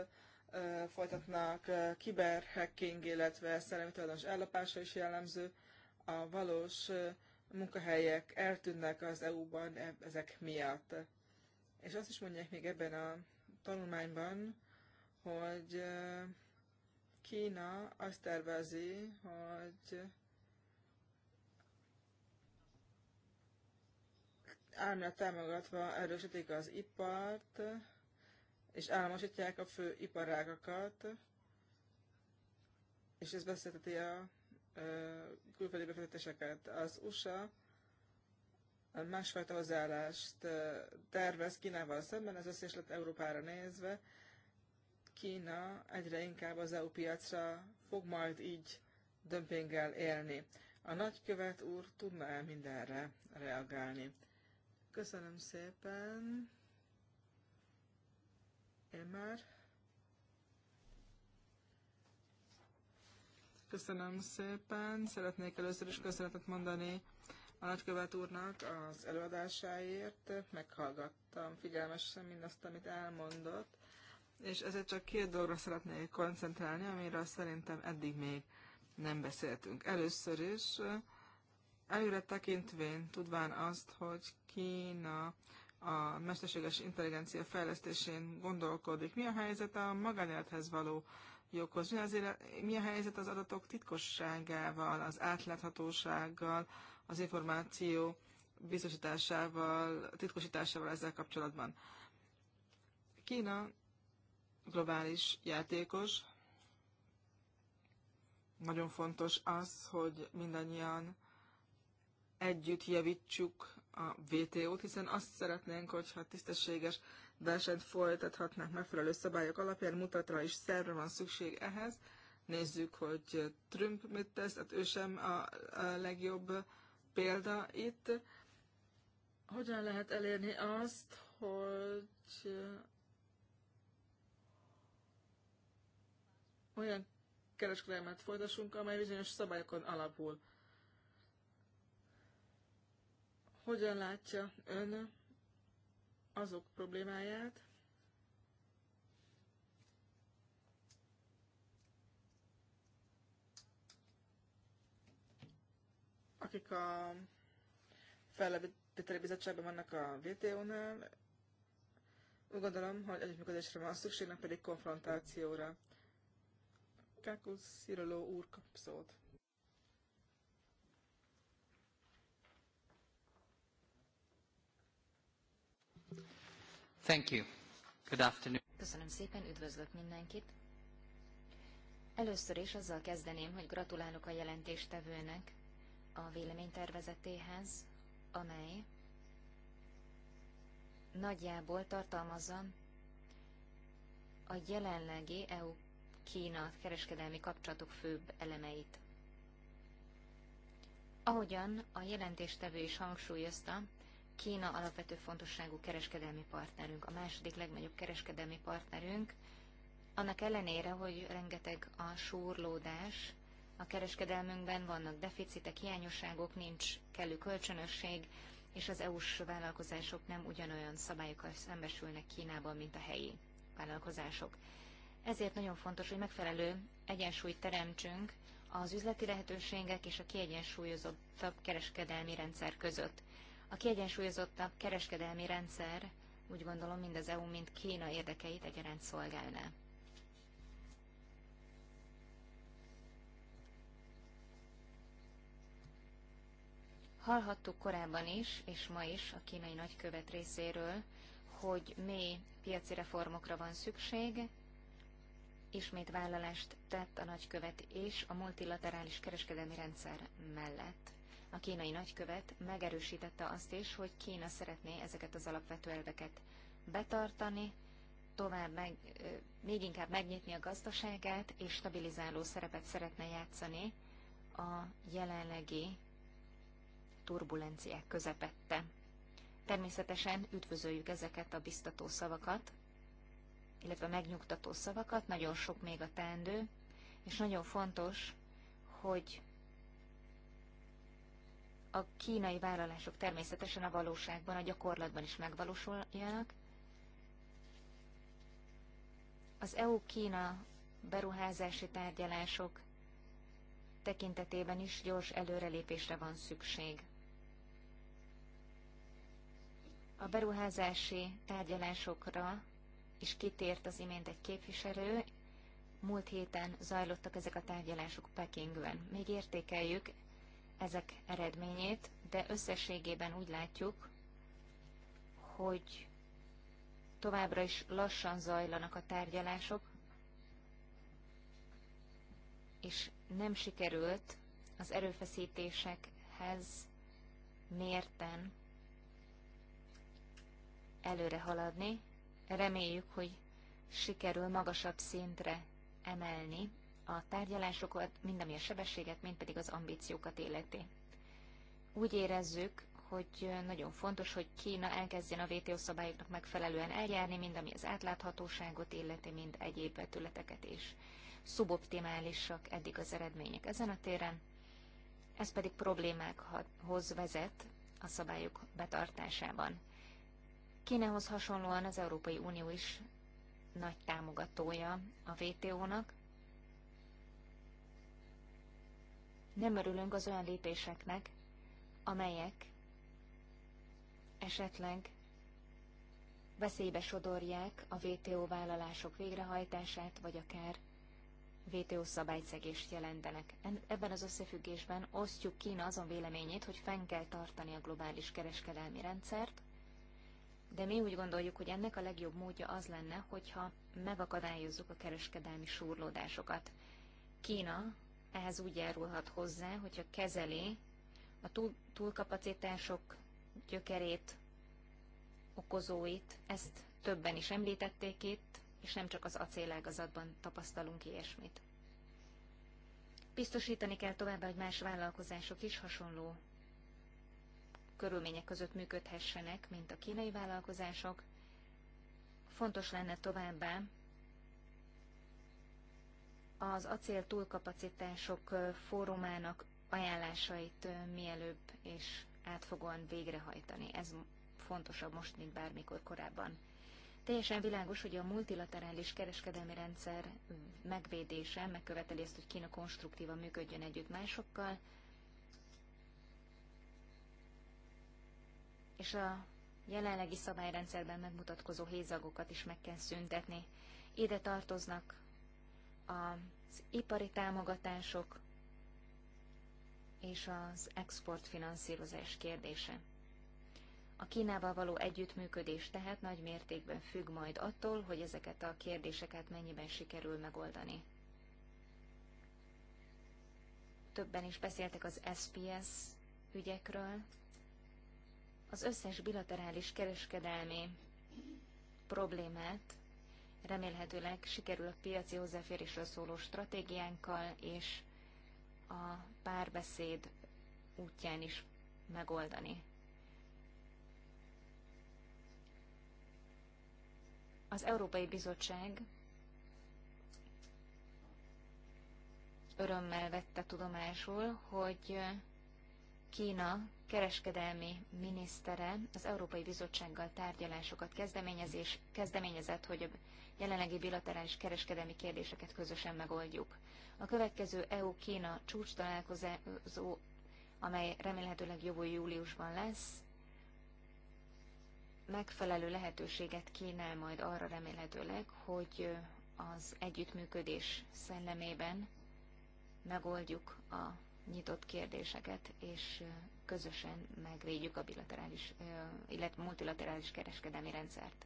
folytatnak, kiberhacking, illetve szellemi tulajdonos ellopása is jellemző. A valós munkahelyek eltűnnek az EU-ban e- ezek miatt. És azt is mondják még ebben a tanulmányban, hogy Kína azt tervezi, hogy államilag támogatva erősítik az ipart, és államosítják a fő iparágakat, és ez beszélteti a külföldi befektetéseket. Az USA másfajta hozzáállást tervez Kínával szemben, ez lett Európára nézve. Kína egyre inkább az EU piacra fog majd így dömpinggel élni. A nagykövet úr tudna -e mindenre reagálni? Köszönöm szépen. Én már. Köszönöm szépen. Szeretnék először is köszönetet mondani a nagykövet úrnak az előadásáért. Meghallgattam figyelmesen mindazt, amit elmondott, és ezért csak két dologra szeretnék koncentrálni, amiről szerintem eddig még nem beszéltünk. Először is Előre tekintvén, tudván azt, hogy Kína a mesterséges intelligencia fejlesztésén gondolkodik, mi a helyzet a magánélethez való joghoz, mi, az mi a helyzet az adatok titkosságával, az átláthatósággal, az információ biztosításával, titkosításával ezzel kapcsolatban. Kína globális játékos. Nagyon fontos az, hogy mindannyian együtt javítsuk a VTO-t, hiszen azt szeretnénk, hogyha tisztességes versenyt folytathatnánk megfelelő szabályok alapján, mutatra is szervre van szükség ehhez. Nézzük, hogy Trump mit tesz, hát ő sem a, a legjobb példa itt. Hogyan lehet elérni azt, hogy olyan kereskedelmet folytassunk, amely bizonyos szabályokon alapul. Hogyan látja ön azok problémáját, akik a felvételi bizottságban vannak a vto nál úgy gondolom, hogy együttműködésre van szükségnek, pedig konfrontációra. Kákusz Sziroló úr kap szót. Thank you. Good afternoon. Köszönöm szépen, üdvözlök mindenkit. Először is azzal kezdeném, hogy gratulálok a jelentéstevőnek a véleménytervezetéhez, amely nagyjából tartalmazza a jelenlegi EU-Kína kereskedelmi kapcsolatok főbb elemeit. Ahogyan a jelentéstevő is hangsúlyozta, Kína alapvető fontosságú kereskedelmi partnerünk, a második legnagyobb kereskedelmi partnerünk, annak ellenére, hogy rengeteg a súrlódás, a kereskedelmünkben vannak deficitek, hiányosságok, nincs kellő kölcsönösség, és az EU-s vállalkozások nem ugyanolyan szabályokkal szembesülnek Kínában, mint a helyi vállalkozások. Ezért nagyon fontos, hogy megfelelő egyensúlyt teremtsünk az üzleti lehetőségek és a kiegyensúlyozottabb kereskedelmi rendszer között. A kiegyensúlyozottabb kereskedelmi rendszer úgy gondolom mind az EU, mind Kína érdekeit egyaránt szolgálná. Hallhattuk korábban is, és ma is a kínai nagykövet részéről, hogy mély piaci reformokra van szükség, ismét vállalást tett a nagykövet és a multilaterális kereskedelmi rendszer mellett. A kínai nagykövet megerősítette azt is, hogy Kína szeretné ezeket az alapvető elveket betartani, tovább meg, még inkább megnyitni a gazdaságát, és stabilizáló szerepet szeretne játszani a jelenlegi turbulenciák közepette. Természetesen üdvözöljük ezeket a biztató szavakat, illetve megnyugtató szavakat, nagyon sok még a teendő, és nagyon fontos, hogy a kínai vállalások természetesen a valóságban, a gyakorlatban is megvalósuljanak. Az EU-Kína beruházási tárgyalások tekintetében is gyors előrelépésre van szükség. A beruházási tárgyalásokra is kitért az imént egy képviselő. Múlt héten zajlottak ezek a tárgyalások Pekingben. Még értékeljük ezek eredményét, de összességében úgy látjuk, hogy továbbra is lassan zajlanak a tárgyalások, és nem sikerült az erőfeszítésekhez mérten előre haladni. Reméljük, hogy sikerül magasabb szintre emelni a tárgyalásokat, mind ami a sebességet, mind pedig az ambíciókat életi. Úgy érezzük, hogy nagyon fontos, hogy Kína elkezdjen a WTO szabályoknak megfelelően eljárni, mind ami az átláthatóságot illeti, mind egyéb vetületeket is. Szuboptimálisak eddig az eredmények ezen a téren, ez pedig problémákhoz vezet a szabályok betartásában. Kínához hasonlóan az Európai Unió is nagy támogatója a WTO-nak, nem örülünk az olyan lépéseknek, amelyek esetleg veszélybe sodorják a VTO vállalások végrehajtását, vagy akár VTO szabályszegést jelentenek. Ebben az összefüggésben osztjuk Kína azon véleményét, hogy fenn kell tartani a globális kereskedelmi rendszert, de mi úgy gondoljuk, hogy ennek a legjobb módja az lenne, hogyha megakadályozzuk a kereskedelmi súrlódásokat. Kína ehhez úgy járulhat hozzá, hogyha kezeli a túl, túlkapacitások gyökerét, okozóit, ezt többen is említették itt, és nem csak az acélágazatban tapasztalunk ilyesmit. Biztosítani kell továbbá, hogy más vállalkozások is hasonló körülmények között működhessenek, mint a kínai vállalkozások. Fontos lenne továbbá az acél túlkapacitások fórumának ajánlásait mielőbb és átfogóan végrehajtani. Ez fontosabb most, mint bármikor korábban. Teljesen világos, hogy a multilaterális kereskedelmi rendszer megvédése megköveteli ezt, hogy Kína konstruktívan működjön együtt másokkal, és a jelenlegi szabályrendszerben megmutatkozó hézagokat is meg kell szüntetni. Ide tartoznak az ipari támogatások és az exportfinanszírozás kérdése. A Kínával való együttműködés tehát nagy mértékben függ majd attól, hogy ezeket a kérdéseket mennyiben sikerül megoldani. Többen is beszéltek az SPS ügyekről. Az összes bilaterális kereskedelmi problémát Remélhetőleg sikerül a piaci hozzáférésről szóló stratégiánkkal és a párbeszéd útján is megoldani. Az Európai Bizottság örömmel vette tudomásul, hogy Kína kereskedelmi minisztere az Európai Bizottsággal tárgyalásokat kezdeményezés, kezdeményezett, hogy a jelenlegi bilaterális kereskedelmi kérdéseket közösen megoldjuk. A következő EU-Kína csúcs találkozó, amely remélhetőleg jövő júliusban lesz, megfelelő lehetőséget kínál majd arra remélhetőleg, hogy az együttműködés szellemében megoldjuk a nyitott kérdéseket, és közösen megvédjük a bilaterális, illetve multilaterális kereskedelmi rendszert.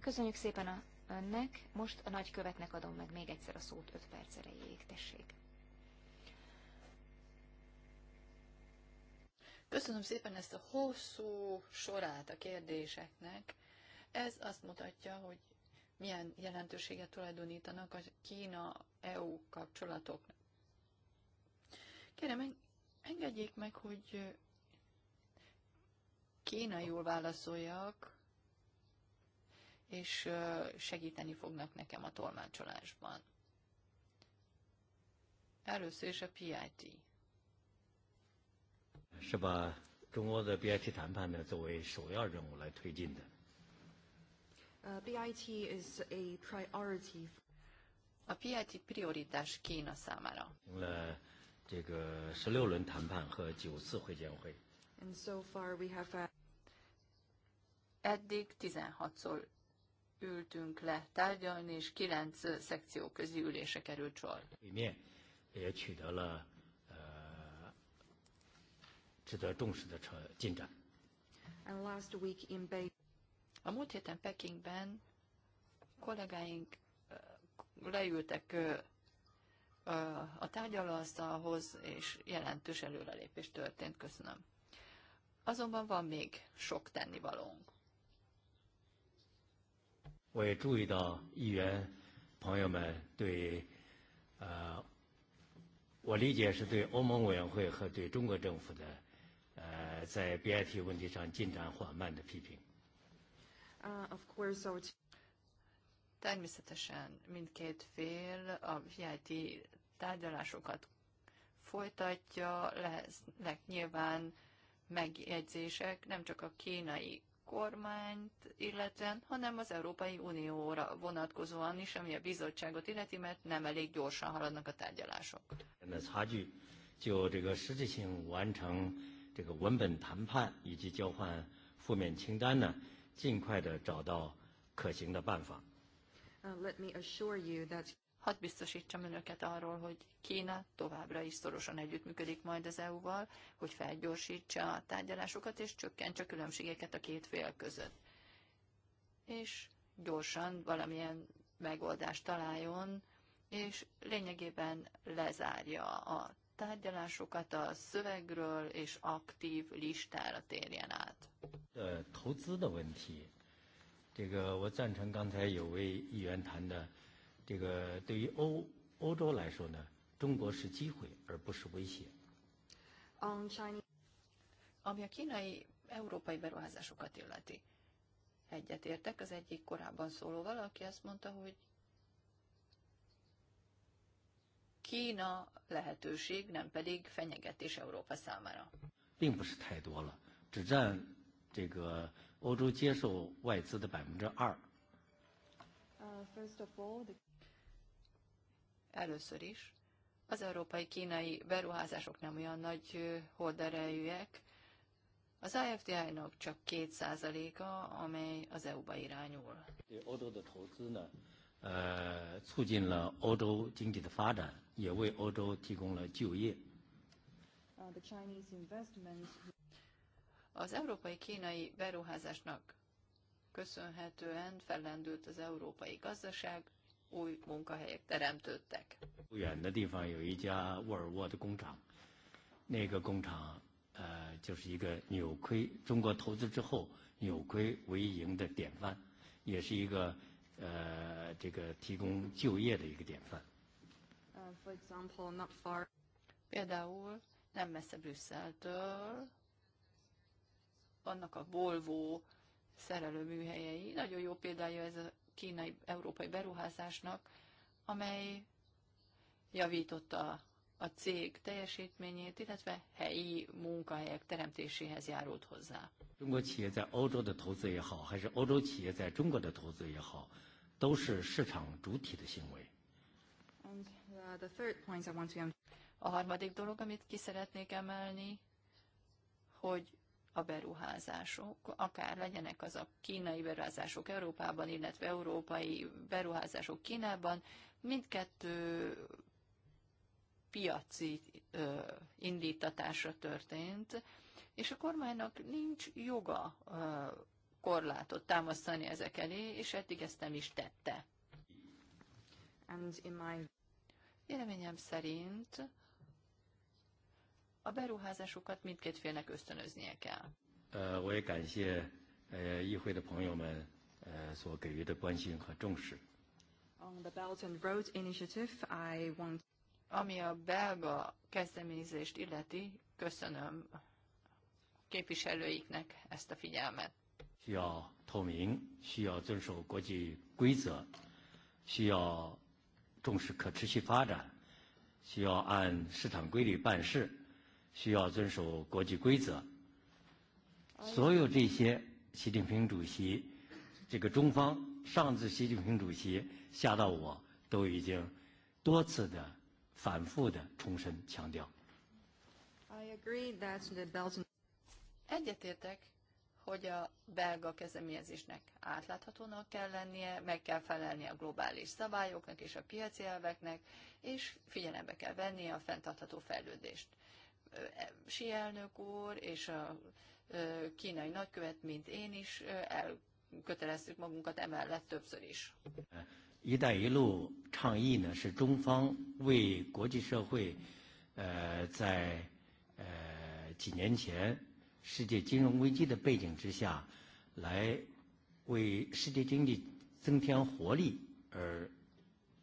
Köszönjük szépen a önnek, most a nagykövetnek adom meg még egyszer a szót 5 perc erejéig, tessék. Köszönöm szépen ezt a hosszú sorát a kérdéseknek. Ez azt mutatja, hogy milyen jelentőséget tulajdonítanak a Kína-EU kapcsolatoknak. Kérem, engedjék meg, hogy kínaiul válaszoljak, és segíteni fognak nekem a tolmácsolásban. Először is a PIT. 是把中国的 BIT 谈判呢作为首要任务来推进的。Uh, is a priority. A BIT prioritás Kína számára. 这个十六轮谈判和九次会见会。And so far we have Eddig 16-szor ültünk le tárgyalni, és kilenc szekció közi ülése került sor. 里面也取得了呃值得重视的成进展。And last week in Beijing. A múlt héten Pekingben kollégáink leültek a tárgyalóasztalhoz, és jelentős előrelépés történt. Köszönöm. Azonban van még sok tennivalónk. 我也注意到议员朋友们对，呃，我理解是对欧盟委员会和对中国政府的，呃，在 BIT 问题上进展缓慢的批评。Uh, of course, our Természetesen mindkét fél a VIT tárgyalásokat folytatja, lesznek nyilván megjegyzések nem csak a kínai kormányt illetően, hanem az Európai Unióra vonatkozóan is, ami a bizottságot illeti, mert nem elég gyorsan haladnak a tárgyalások. 就这个实质性完成这个文本谈判以及交换负面清单呢，尽快的找到可行的办法。Uh, Hadd biztosítsam önöket arról, hogy Kína továbbra is szorosan együttműködik majd az EU-val, hogy felgyorsítsa a tárgyalásokat és csökkentse a különbségeket a két fél között. És gyorsan valamilyen megoldást találjon, és lényegében lezárja a tárgyalásokat a szövegről, és aktív listára térjen át. 投资的问题这个我赞成刚才有位议员谈的，这个对于欧欧洲来说呢，中国是机会而不是威胁。Um, Chinese... Ami a kínai európai beruházásokat illeti. Egyetértek az egyik korábban szóló valaki azt mondta, hogy Kína lehetőség, nem pedig fenyegetés Európa számára. 并不是太多了，只占这个欧洲接受外资的百分之二。Először is, az európai-kínai beruházások nem olyan nagy horderejűek. Az IFDI-nak csak 2%-a, amely az EU-ba irányul. 欧洲的投资呢，呃，促进了欧洲经济的发展，也为欧洲提供了就业。Uh, the Chinese investments az európai-kínai beruházásnak köszönhetően fellendült az európai gazdaság, új munkahelyek teremtődtek. Például nem messze Brüsszeltől, vannak a Volvo szerelőműhelyei. Nagyon jó példája ez a kínai európai beruházásnak, amely javította a cég teljesítményét, illetve helyi munkahelyek teremtéséhez járult hozzá. A harmadik dolog, amit ki szeretnék emelni, hogy a beruházások, akár legyenek az a kínai beruházások Európában, illetve európai beruházások Kínában, mindkettő piaci ö, indítatásra történt, és a kormánynak nincs joga ö, korlátot támasztani ezek elé, és eddig ezt nem is tette. And my... Véleményem szerint a beruházásokat mindkét félnek ösztönöznie kell. Belt and Road Initiative, ami a belga kezdeményezést illeti, köszönöm képviselőiknek ezt a figyelmet. 需要透明，需要遵守国际规则，需要重视可持续发展，需要按市场规律办事。需要遵守国际规则。所有这些，习近平主席，这个中方上至习近平主席，下到我都已经多次的、反复的重申强调。I agree that the Belgian... Egyetértek, hogy a belga kezdeményezésnek átláthatónak kell lennie, meg kell felelni a globális szabályoknak és a piaci elveknek, és figyelembe kell vennie a fenntartható fejlődést. Si elnök úr és a kínai nagykövet, mint én is, elköteleztük magunkat emellett többször is. 一带一路倡议呢，是中方为国际社会，呃，在呃几年前世界金融危机的背景之下，来为世界经济增添活力而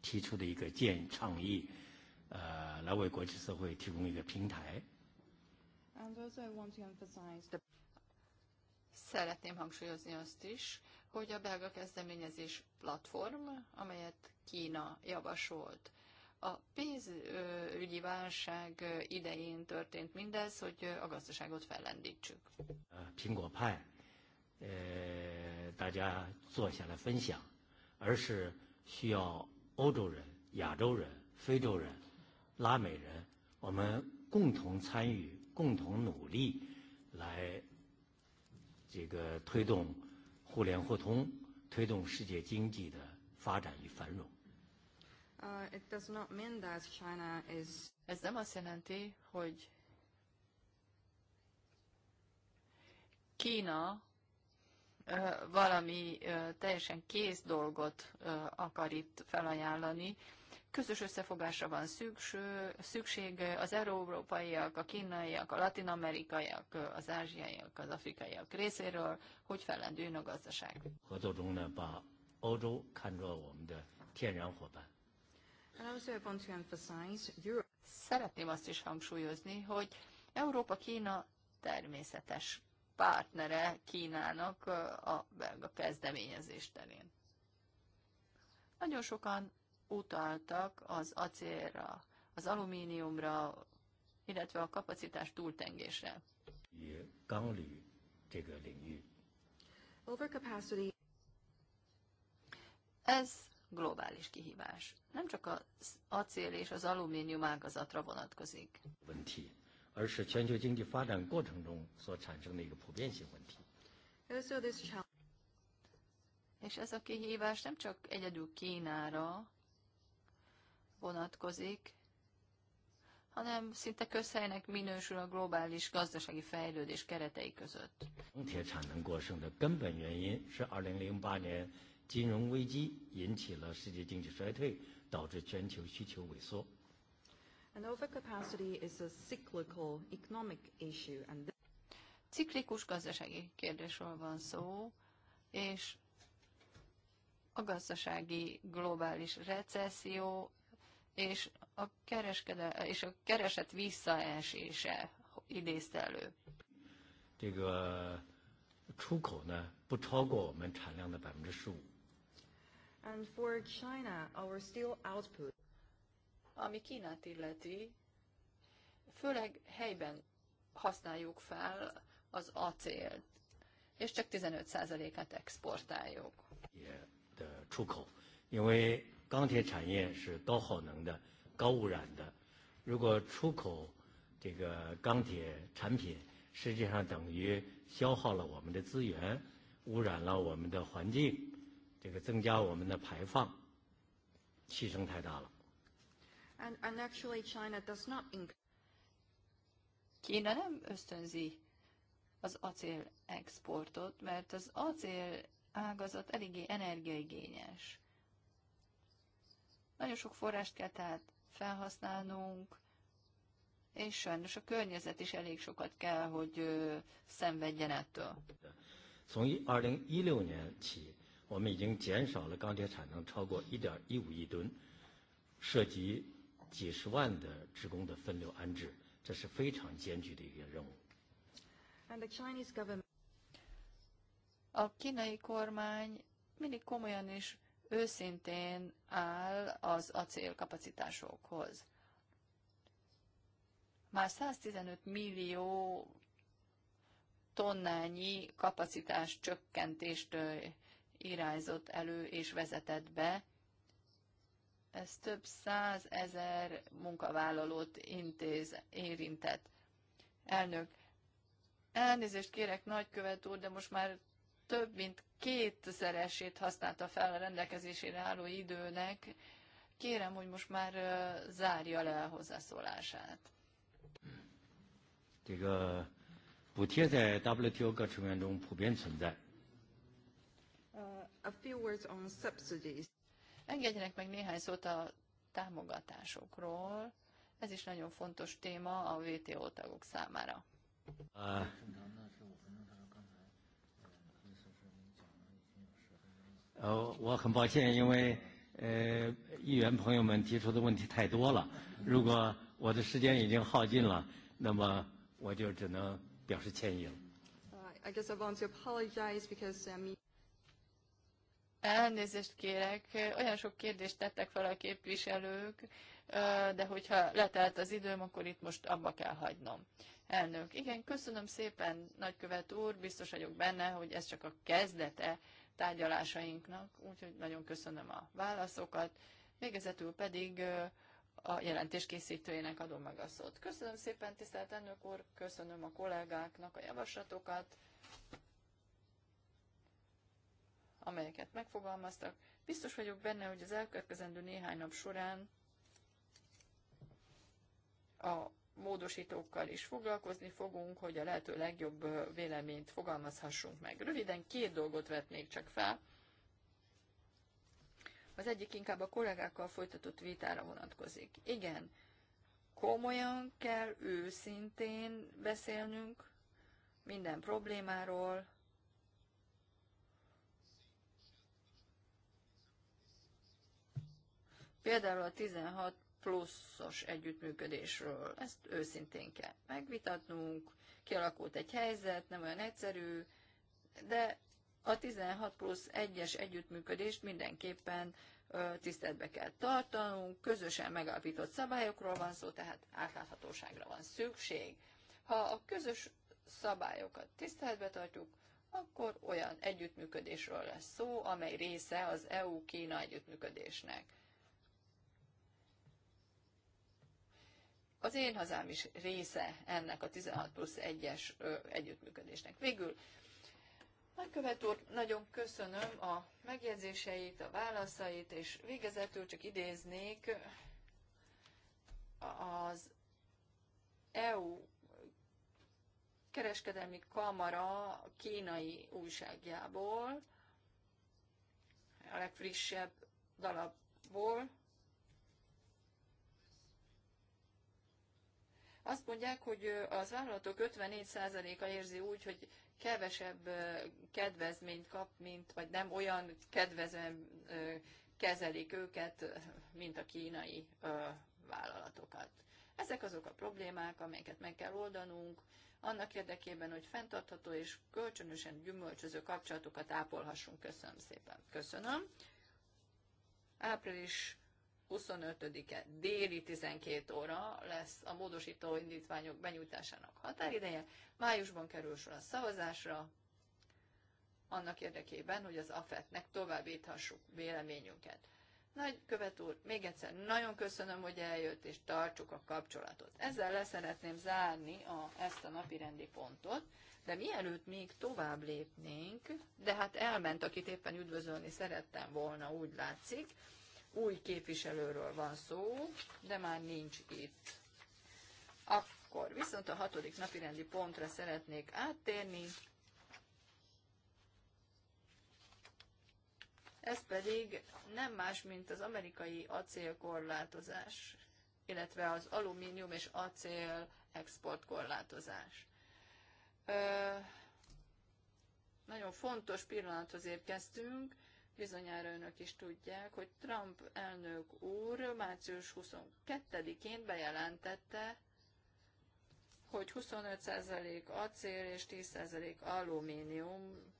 提出的一个建倡议，呃，来为国际社会提供一个平台。呃，Szeretném hangsúlyozni azt is, hogy a belga kezdeményezés platform, amelyet Kína javasolt. A pénzügyi válság idején történt mindez, hogy a gazdaságot fellendítsük. 苹果派，呃，大家坐下来分享，而是需要欧洲人、亚洲人、非洲人、拉美人，我们共同参与共同努力来这个推动互联互通，推动世界经济的发展与繁荣。Uh, does not mean that China is... Ez nem azt jelenti, hogy Kína valami teljesen kész dolgot akar itt felajánlani, Közös összefogásra van szükség az európaiak, a kínaiak, a latinamerikaiak, az ázsiaiak, az afrikaiak részéről, hogy fellendüljön a gazdaság. Szeretném azt is hangsúlyozni, hogy Európa-Kína természetes partnere Kínának a belga kezdeményezés terén. Nagyon sokan utaltak az acélra, az alumíniumra, illetve a kapacitás túltengésre. Overcapacity. Ez globális kihívás. Nem csak az acél és az alumínium ágazatra vonatkozik. És ez a kihívás nem csak egyedül Kínára, vonatkozik, hanem szinte közhelynek minősül a globális gazdasági fejlődés keretei között. An overcapacity is a cyclical economic issue and Ciklikus gazdasági kérdésről van szó, és a gazdasági globális recesszió és a, kereskede, és a kereset visszaesése idézte elő. And for China, our steel output. Ami Kínát illeti, főleg helyben használjuk fel az acélt, és csak 15%-át exportáljuk. Yeah, 的出口，因为钢铁产业是高耗能的、高污染的。如果出口这个钢铁产品，实际上等于消耗了我们的资源，污染了我们的环境，这个增加我们的排放，牺牲太大了。And, and actually China does not Kína nem ösztönzi az acél exportot, mert az acél ágazat eléggé energiaigényes. Nagyon sok forrást kell tehát felhasználnunk, és sajnos a környezet is elég sokat kell, hogy ö, szenvedjen ettől. 从二零一六年起，我们已经减少了钢铁产能超过一点一五亿吨，涉及几十万的职工的分流安置，这是非常艰巨的一个任务。And szóval, the Chinese government. A kínai kormány mindig komolyan és őszintén áll az acélkapacitásokhoz. Már 115 millió tonnányi kapacitás csökkentést irányzott elő és vezetett be. Ez több százezer munkavállalót intéz, érintett. Elnök, elnézést kérek, nagykövet úr, de most már több mint kétszeresét használta fel a rendelkezésére álló időnek. Kérem, hogy most már zárja le a hozzászólását. WTO Engedjenek meg néhány szót a támogatásokról. Ez is nagyon fontos téma a WTO tagok számára. Uh, 呃，我很抱歉，因为呃，议员朋友们提出的问题太多了，如果我的时间已经耗尽了，那么我就只能表示歉意了。I guess I want to apologize because um, Elnézést kérek, olyan sok kérdést tettek fel a képviselők, de hogyha letelt az időm, akkor itt most abba kell hagynom. Elnök, igen, köszönöm szépen, nagykövet úr, biztos vagyok benne, hogy ez csak a kezdete tárgyalásainknak, úgyhogy nagyon köszönöm a válaszokat. Végezetül pedig a jelentés készítőjének adom meg a szót. Köszönöm szépen, tisztelt elnök úr, köszönöm a kollégáknak a javaslatokat, amelyeket megfogalmaztak. Biztos vagyok benne, hogy az elkövetkezendő néhány nap során a módosítókkal is foglalkozni fogunk, hogy a lehető legjobb véleményt fogalmazhassunk meg. Röviden két dolgot vetnék csak fel. Az egyik inkább a kollégákkal folytatott vitára vonatkozik. Igen, komolyan kell őszintén beszélnünk minden problémáról, Például a 16 pluszos együttműködésről. Ezt őszintén kell megvitatnunk. Kialakult egy helyzet, nem olyan egyszerű, de a 16 plusz 1-es együttműködést mindenképpen tiszteletbe kell tartanunk, közösen megalapított szabályokról van szó, tehát átláthatóságra van szükség. Ha a közös szabályokat tiszteletbe tartjuk, akkor olyan együttműködésről lesz szó, amely része az EU-Kína együttműködésnek. az én hazám is része ennek a 16 plusz 1-es együttműködésnek. Végül Nagykövet úr, nagyon köszönöm a megjegyzéseit, a válaszait, és végezetül csak idéznék az EU kereskedelmi kamara kínai újságjából, a legfrissebb darabból. Azt mondják, hogy az vállalatok 54%-a érzi úgy, hogy kevesebb kedvezményt kap, mint, vagy nem olyan kedvezően kezelik őket, mint a kínai vállalatokat. Ezek azok a problémák, amelyeket meg kell oldanunk, annak érdekében, hogy fenntartható és kölcsönösen gyümölcsöző kapcsolatokat ápolhassunk. Köszönöm szépen. Köszönöm. Április 25-e déli 12 óra lesz a módosító indítványok benyújtásának határideje. Májusban kerül sor a szavazásra, annak érdekében, hogy az AFET-nek továbbíthassuk véleményünket. Nagy követ úr, még egyszer nagyon köszönöm, hogy eljött, és tartsuk a kapcsolatot. Ezzel leszeretném zárni a, ezt a napi rendi pontot, de mielőtt még tovább lépnénk, de hát elment, akit éppen üdvözölni szerettem volna, úgy látszik, új képviselőről van szó, de már nincs itt. Akkor viszont a hatodik napirendi pontra szeretnék áttérni. Ez pedig nem más, mint az amerikai acélkorlátozás, illetve az alumínium és acél exportkorlátozás. Ö, nagyon fontos pillanathoz érkeztünk, Bizonyára önök is tudják, hogy Trump elnök úr március 22-én bejelentette, hogy 25% acél és 10% alumínium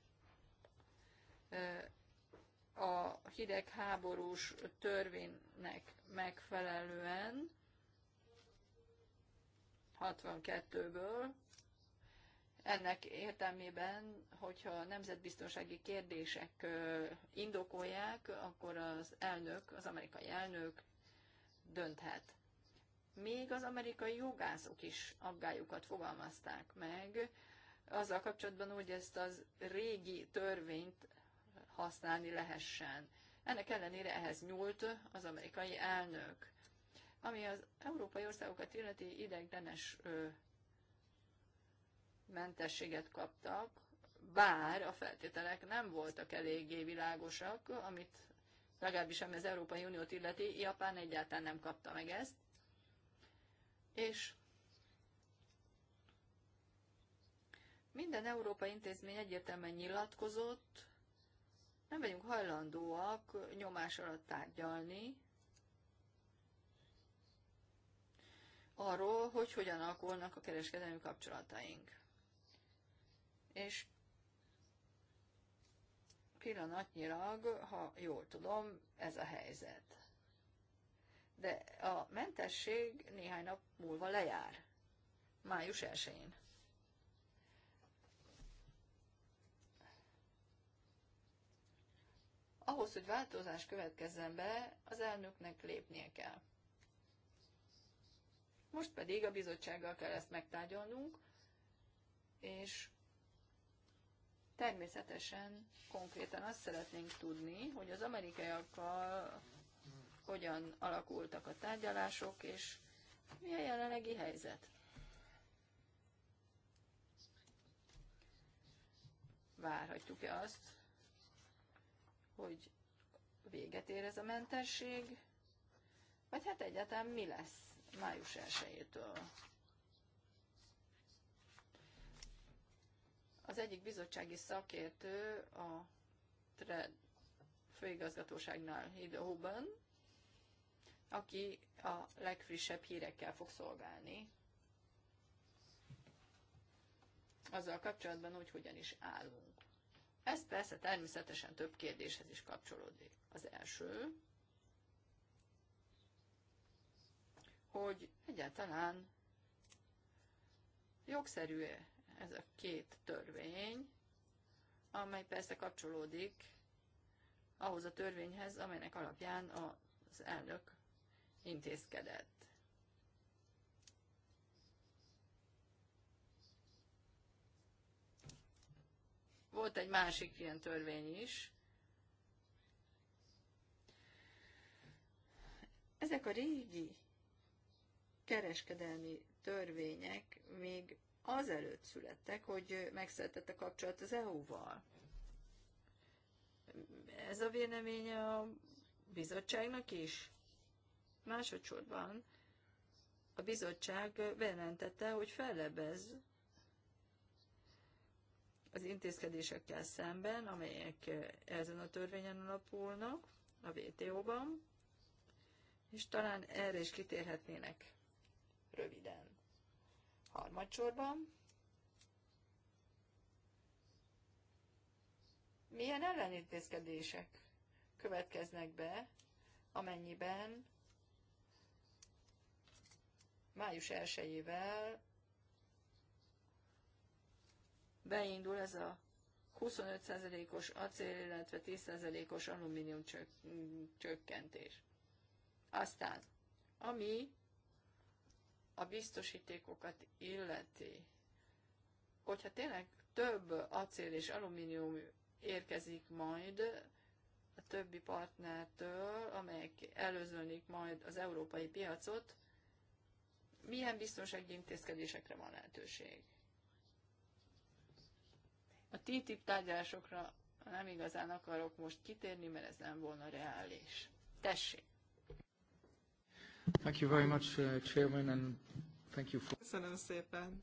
a hidegháborús törvénynek megfelelően 62-ből ennek értelmében, hogyha nemzetbiztonsági kérdések indokolják, akkor az elnök, az amerikai elnök dönthet. Még az amerikai jogászok is aggályukat fogalmazták meg, azzal kapcsolatban, hogy ezt az régi törvényt használni lehessen. Ennek ellenére ehhez nyúlt az amerikai elnök. Ami az európai országokat illeti ideiglenes mentességet kaptak, bár a feltételek nem voltak eléggé világosak, amit legalábbis ami az Európai Uniót illeti, Japán egyáltalán nem kapta meg ezt. És minden európai intézmény egyértelműen nyilatkozott, nem vagyunk hajlandóak nyomás alatt tárgyalni arról, hogy hogyan alakulnak a kereskedelmi kapcsolataink és pillanatnyilag, ha jól tudom, ez a helyzet. De a mentesség néhány nap múlva lejár. Május 1-én. Ahhoz, hogy változás következzen be, az elnöknek lépnie kell. Most pedig a bizottsággal kell ezt megtárgyalnunk, és Természetesen konkrétan azt szeretnénk tudni, hogy az amerikaiakkal hogyan alakultak a tárgyalások, és mi a jelenlegi helyzet. Várhatjuk-e azt, hogy véget ér ez a mentesség, vagy hát egyáltalán mi lesz május 1-től? Az egyik bizottsági szakértő a TRED főigazgatóságnál Hidóban, aki a legfrissebb hírekkel fog szolgálni. Azzal kapcsolatban, hogy hogyan is állunk. Ez persze természetesen több kérdéshez is kapcsolódik. Az első, hogy egyáltalán jogszerű-e ez a két törvény, amely persze kapcsolódik ahhoz a törvényhez, amelynek alapján az elnök intézkedett. Volt egy másik ilyen törvény is. Ezek a régi kereskedelmi törvények még azelőtt születtek, hogy megszületett a kapcsolat az EU-val. Ez a vélemény a bizottságnak is. Másodszorban a bizottság bejelentette, hogy fellebez az intézkedésekkel szemben, amelyek ezen a törvényen alapulnak a WTO-ban, és talán erre is kitérhetnének röviden. Harmadsorban milyen ellenintézkedések következnek be, amennyiben május 1-ével beindul ez a 25%-os acél, illetve 10%-os alumínium csökkentés. Aztán, ami a biztosítékokat illeti, hogyha tényleg több acél és alumínium érkezik majd a többi partnertől, amelyek előzönik majd az európai piacot, milyen biztonsági intézkedésekre van lehetőség? A TTIP tárgyalásokra nem igazán akarok most kitérni, mert ez nem volna reális. Tessék! Thank you very much, uh, Chairman, and thank you for... Köszönöm szépen,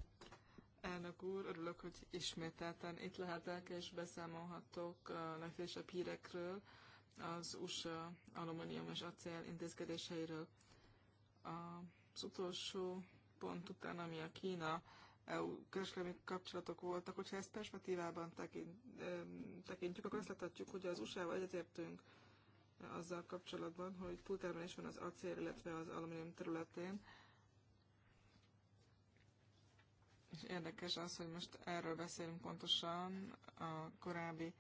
elnök úr. Örülök, hogy ismételten itt lehetek, és beszámolhatok a legfrissebb hírekről, az USA alumínium és acél intézkedéseiről. Az utolsó pont után, ami a Kína EU kereskedelmi kapcsolatok voltak, hogyha ezt perspektívában tekintjük, akkor azt láthatjuk, hogy az USA-val egyetértünk azzal kapcsolatban, hogy túltermelés van az acél, illetve az alumínium területén. És érdekes az, hogy most erről beszélünk pontosan a korábbi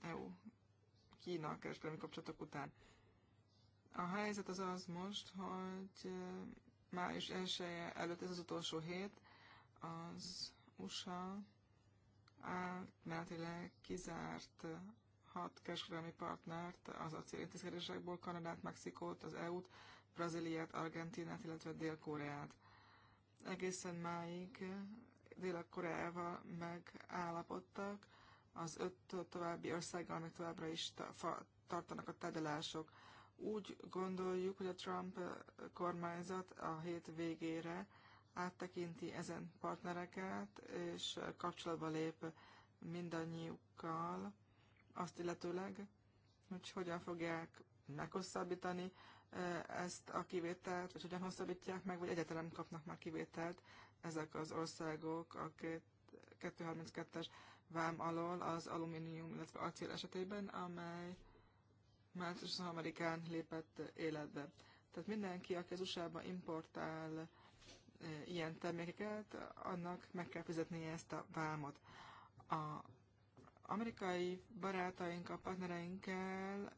EU-Kína e kereskedelmi kapcsolatok után. A helyzet az az most, hogy május 1 -e előtt ez az utolsó hét, az USA átmenetileg kizárt hat kereskedelmi partnert az acélintézkedésekből, Kanadát, Mexikót, az EU-t, Brazíliát, Argentinát, illetve Dél-Koreát. Egészen máig Dél-Koreával megállapodtak, az öt további országgal amik továbbra is tartanak a tárgyalások. Úgy gondoljuk, hogy a Trump kormányzat a hét végére áttekinti ezen partnereket, és kapcsolatba lép mindannyiukkal azt illetőleg, hogy hogyan fogják meghosszabbítani e, ezt a kivételt, vagy hogyan hosszabbítják meg, vagy egyetlen kapnak már kivételt ezek az országok a 232-es vám alól az alumínium, illetve acél esetében, amely március 23-án lépett életbe. Tehát mindenki, aki az USA-ba importál e, ilyen termékeket, annak meg kell fizetnie ezt a vámot. A amerikai barátaink a partnereinkkel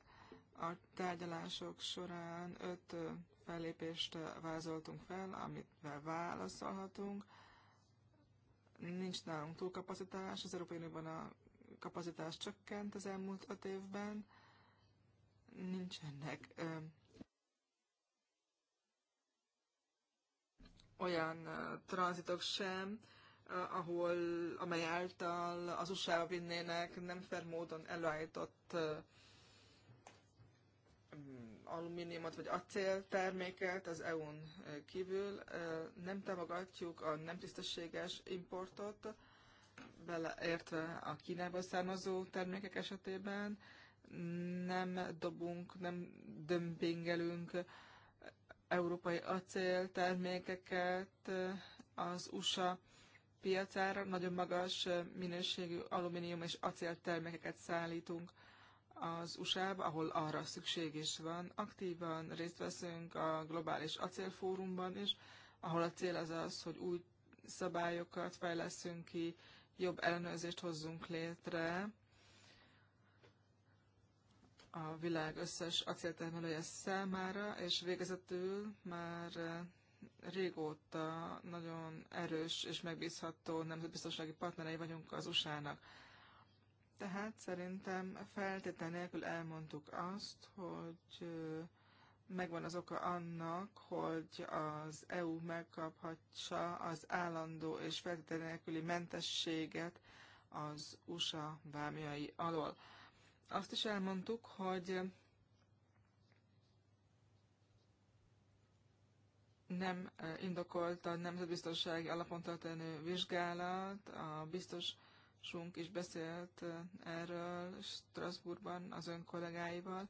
a tárgyalások során öt fellépést vázoltunk fel, amit válaszolhatunk. Nincs nálunk túlkapacitás, az Európai Unióban a kapacitás csökkent az elmúlt öt évben. Nincsenek ö, olyan ö, tranzitok sem, ahol, amely által az usa vinnének nem fair módon előállított mm, alumíniumot vagy acélterméket az EU-n kívül. Nem támogatjuk a nem tisztességes importot, beleértve a Kínából származó termékek esetében. Nem dobunk, nem dömpingelünk európai acéltermékeket az USA piacára, nagyon magas minőségű alumínium és acél termékeket szállítunk az usa ahol arra szükség is van. Aktívan részt veszünk a globális acélfórumban is, ahol a cél az az, hogy új szabályokat fejleszünk ki, jobb ellenőrzést hozzunk létre a világ összes acéltermelője számára, és végezetül már régóta nagyon erős és megbízható nemzetbiztonsági partnerei vagyunk az USA-nak. Tehát szerintem feltétel nélkül elmondtuk azt, hogy megvan az oka annak, hogy az EU megkaphatsa az állandó és feltétel nélküli mentességet az USA vámjai alól. Azt is elmondtuk, hogy nem indokolt a nemzetbiztonsági alapon történő vizsgálat, a biztosunk is beszélt erről Strasbourgban az ön kollégáival,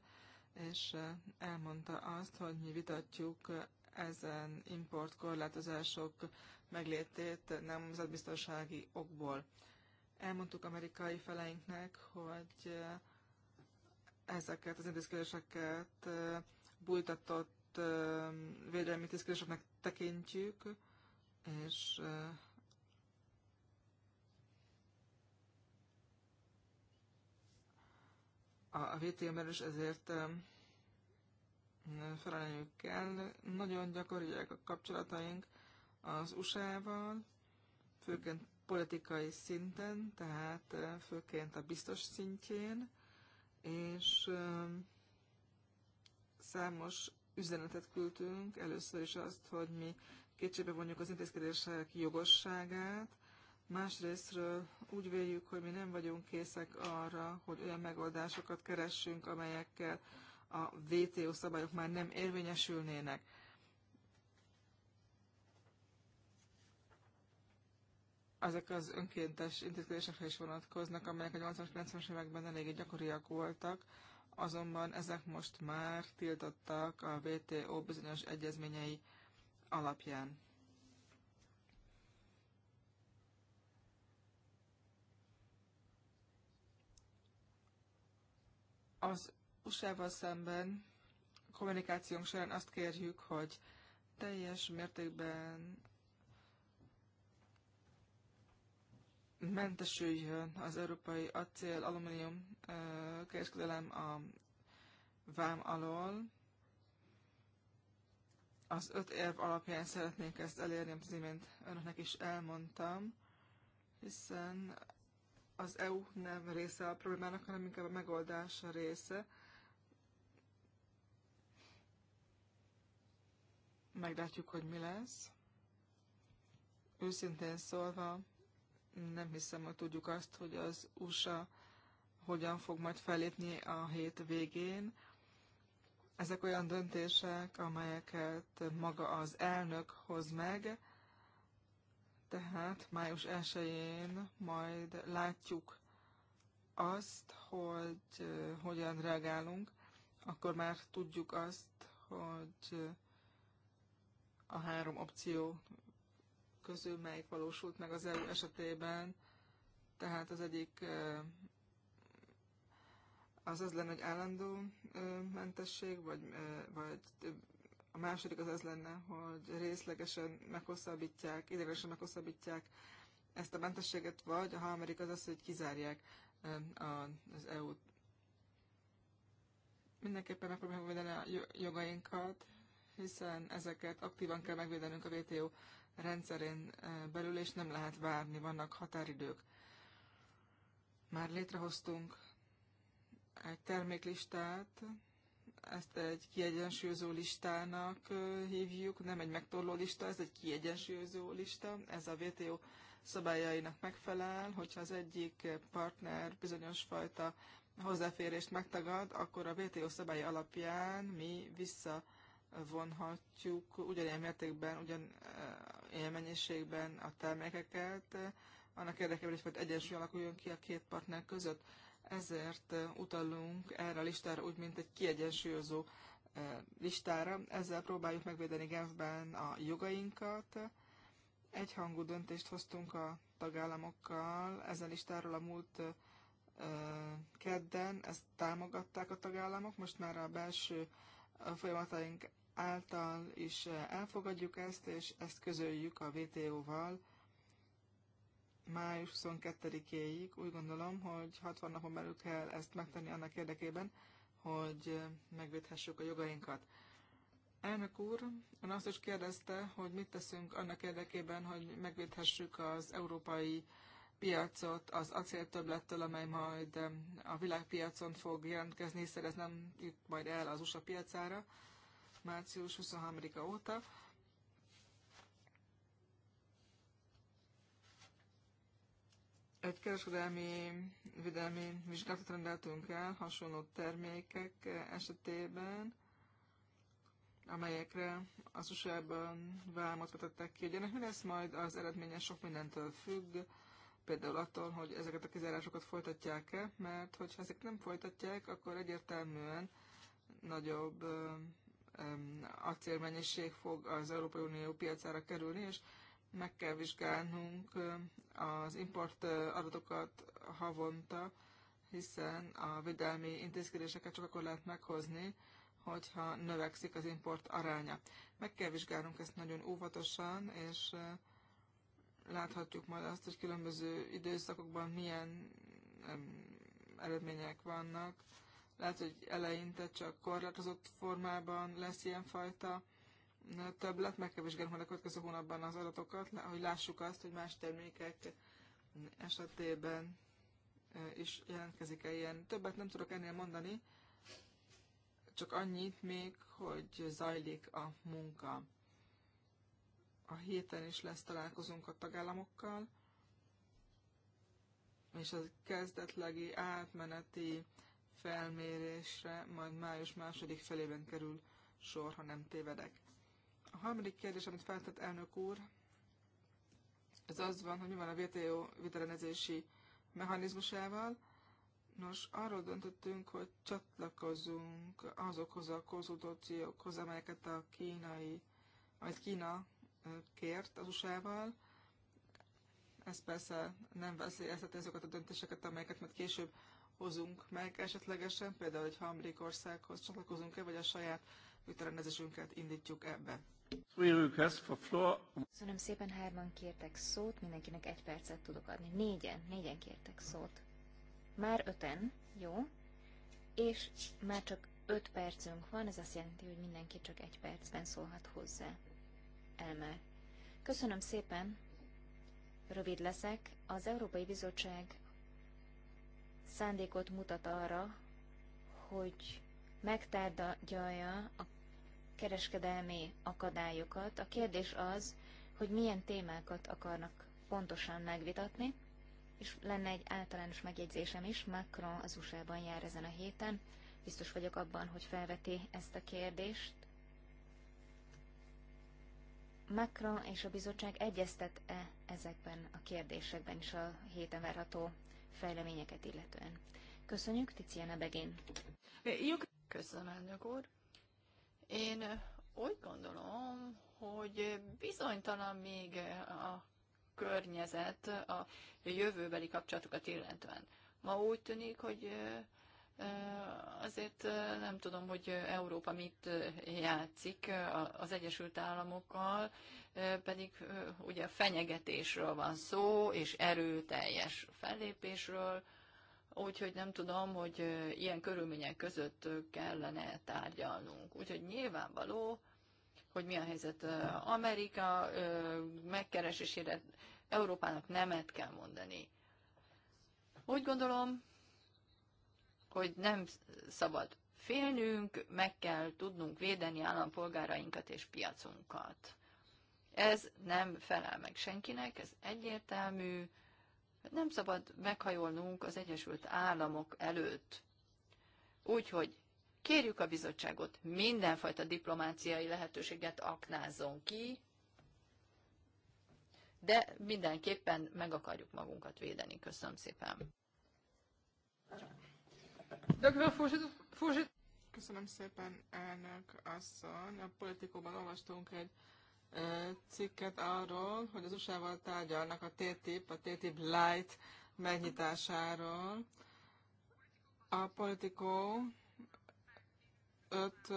és elmondta azt, hogy mi vitatjuk ezen importkorlátozások meglétét nemzetbiztonsági okból. Elmondtuk amerikai feleinknek, hogy ezeket az intézkedéseket bújtatott hozott védelmi tisztkérdéseknek tekintjük, és a VTM-ben is ezért felelniük kell. Nagyon gyakoriak a kapcsolataink az USA-val, főként politikai szinten, tehát főként a biztos szintjén, és számos üzenetet küldtünk, először is azt, hogy mi kétségbe vonjuk az intézkedések jogosságát, másrésztről úgy véljük, hogy mi nem vagyunk készek arra, hogy olyan megoldásokat keressünk, amelyekkel a WTO szabályok már nem érvényesülnének. Ezek az önkéntes intézkedésekre is vonatkoznak, amelyek a 80-90-es években eléggé gyakoriak voltak azonban ezek most már tiltottak a WTO bizonyos egyezményei alapján. Az USA-val szemben kommunikációnk során azt kérjük, hogy teljes mértékben mentesüljön az európai acél, alumínium kereskedelem a vám alól. Az öt év alapján szeretnénk ezt elérni, az imént önöknek is elmondtam, hiszen az EU nem része a problémának, hanem inkább a megoldás része. Meglátjuk, hogy mi lesz. Őszintén szólva, nem hiszem, hogy tudjuk azt, hogy az USA hogyan fog majd felépni a hét végén. Ezek olyan döntések, amelyeket maga az elnök hoz meg, tehát május 1-én majd látjuk azt, hogy hogyan reagálunk, akkor már tudjuk azt, hogy a három opció közül melyik valósult meg az EU esetében, tehát az egyik az az lenne, hogy állandó mentesség, vagy, vagy a második az az lenne, hogy részlegesen meghosszabbítják, idegenesen meghosszabbítják ezt a mentességet, vagy a harmadik az az, hogy kizárják az EU-t. Mindenképpen megpróbáljuk megvédeni a jogainkat, hiszen ezeket aktívan kell megvédenünk a WTO rendszerén eh, belül, és nem lehet várni, vannak határidők. Már létrehoztunk egy terméklistát, ezt egy kiegyensúlyozó listának eh, hívjuk, nem egy megtorló lista, ez egy kiegyensúlyozó lista, ez a WTO szabályainak megfelel, hogyha az egyik partner bizonyos fajta hozzáférést megtagad, akkor a WTO szabály alapján mi visszavonhatjuk ugyanilyen mértékben ugyan eh, ilyen mennyiségben a termékeket, annak érdekében is, hogy egyensúly alakuljon ki a két partner között. Ezért eh, utalunk erre a listára úgy, mint egy kiegyensúlyozó eh, listára. Ezzel próbáljuk megvédeni Genfben a jogainkat. Egyhangú döntést hoztunk a tagállamokkal ezen listáról a múlt eh, kedden, ezt támogatták a tagállamok, most már a belső folyamataink által is elfogadjuk ezt, és ezt közöljük a VTO-val május 22-éig. Úgy gondolom, hogy 60 napon belül kell ezt megtenni annak érdekében, hogy megvédhessük a jogainkat. Elnök úr, ön azt is kérdezte, hogy mit teszünk annak érdekében, hogy megvédhessük az európai piacot az acéltöblettől, amely majd a világpiacon fog jelentkezni, hiszen ez nem jut majd el az USA piacára március 23-a óta. Egy kereskedelmi védelmi vizsgálatot rendeltünk el hasonló termékek esetében, amelyekre az USA-ban vámot vetettek ki. Ugye mi lesz majd az eredménye sok mindentől függ, például attól, hogy ezeket a kizárásokat folytatják-e, mert hogyha ezek nem folytatják, akkor egyértelműen nagyobb acélmennyiség fog az Európai Unió piacára kerülni, és meg kell vizsgálnunk az import adatokat havonta, hiszen a védelmi intézkedéseket csak akkor lehet meghozni, hogyha növekszik az import aránya. Meg kell vizsgálnunk ezt nagyon óvatosan, és láthatjuk majd azt, hogy különböző időszakokban milyen eredmények vannak. Lehet, hogy eleinte csak korlátozott formában lesz ilyenfajta többlet, meg kell majd a következő hónapban az adatokat, hogy lássuk azt, hogy más termékek esetében is jelentkezik-e ilyen. Többet nem tudok ennél mondani, csak annyit még, hogy zajlik a munka. A héten is lesz találkozunk a tagállamokkal, és a kezdetlegi átmeneti felmérésre majd május második felében kerül sor, ha nem tévedek. A harmadik kérdés, amit feltett elnök úr, ez az van, hogy mi van a WTO vitelenezési mechanizmusával. Nos, arról döntöttünk, hogy csatlakozunk azokhoz a konzultációkhoz, amelyeket a kínai, amit Kína kért az USA-val. Ez persze nem veszélyezteti azokat a döntéseket, amelyeket majd később hozunk meg esetlegesen, például egy harmadik országhoz csatlakozunk-e, vagy a saját üterendezésünket indítjuk ebbe. Köszönöm szépen, hárman kértek szót, mindenkinek egy percet tudok adni. Négyen, négyen kértek szót. Már öten, jó? És már csak öt percünk van, ez azt jelenti, hogy mindenki csak egy percben szólhat hozzá. Elmer. Köszönöm szépen, rövid leszek. Az Európai Bizottság szándékot mutat arra, hogy megtárgyalja a kereskedelmi akadályokat. A kérdés az, hogy milyen témákat akarnak pontosan megvitatni, és lenne egy általános megjegyzésem is, Macron az USA-ban jár ezen a héten, biztos vagyok abban, hogy felveti ezt a kérdést. Macron és a bizottság egyeztet-e ezekben a kérdésekben is a héten várható fejleményeket illetően. Köszönjük, Tiziana Begén. Köszönöm, elnök úr. Én úgy gondolom, hogy bizonytalan még a környezet a jövőbeli kapcsolatokat illetően. Ma úgy tűnik, hogy Azért nem tudom, hogy Európa mit játszik az Egyesült Államokkal, pedig ugye fenyegetésről van szó, és erőteljes fellépésről, úgyhogy nem tudom, hogy ilyen körülmények között kellene tárgyalnunk. Úgyhogy nyilvánvaló, hogy mi a helyzet Amerika megkeresésére, Európának nemet kell mondani. Úgy gondolom, hogy nem szabad félnünk, meg kell tudnunk védeni állampolgárainkat és piacunkat. Ez nem felel meg senkinek, ez egyértelmű, nem szabad meghajolnunk az Egyesült Államok előtt. Úgyhogy kérjük a bizottságot, mindenfajta diplomáciai lehetőséget aknázzon ki, de mindenképpen meg akarjuk magunkat védeni. Köszönöm szépen! Köszönöm szépen, elnök asszony. A politikóban olvastunk egy cikket arról, hogy az USA-val tárgyalnak a TTIP, a TTIP Light megnyitásáról. A politikó öt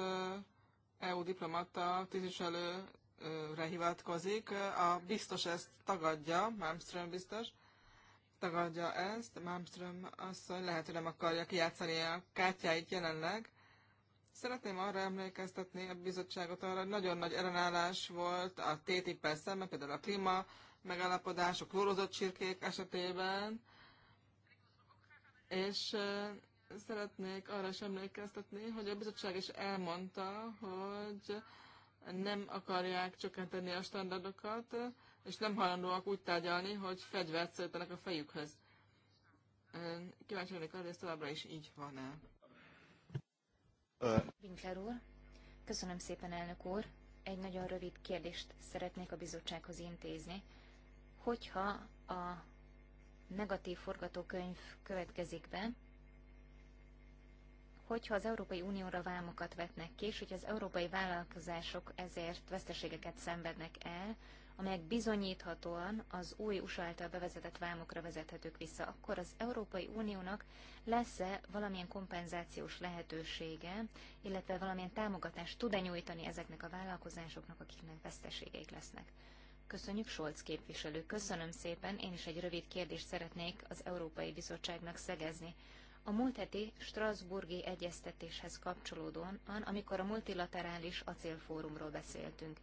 EU diplomata, tisztviselőre hivatkozik. A biztos ezt tagadja, Malmström biztos tagadja ezt, Malmström asszony lehet, hogy nem akarja kijátszani a kártyáit jelenleg. Szeretném arra emlékeztetni a bizottságot arra, hogy nagyon nagy ellenállás volt a TTIP-el szemben, például a klíma megállapodás, a klórozott csirkék esetében, és eh, szeretnék arra is emlékeztetni, hogy a bizottság is elmondta, hogy nem akarják csökkenteni a standardokat, és nem hajlandóak úgy tárgyalni, hogy fegyvert szöltenek a fejükhöz. Kíváncsi vagyok arra, hogy ez továbbra is így van-e. Winkler úr, köszönöm szépen, elnök úr. Egy nagyon rövid kérdést szeretnék a bizottsághoz intézni. Hogyha a negatív forgatókönyv következik be, hogyha az Európai Unióra vámokat vetnek ki, és hogyha az európai vállalkozások ezért veszteségeket szenvednek el, amelyek bizonyíthatóan az új USA által bevezetett vámokra vezethetők vissza, akkor az Európai Uniónak lesz-e valamilyen kompenzációs lehetősége, illetve valamilyen támogatást tud-e nyújtani ezeknek a vállalkozásoknak, akiknek veszteségeik lesznek? Köszönjük, Scholz képviselő. Köszönöm szépen. Én is egy rövid kérdést szeretnék az Európai Bizottságnak szegezni. A múlt heti Strasburgi egyeztetéshez kapcsolódóan, amikor a multilaterális acélfórumról beszéltünk,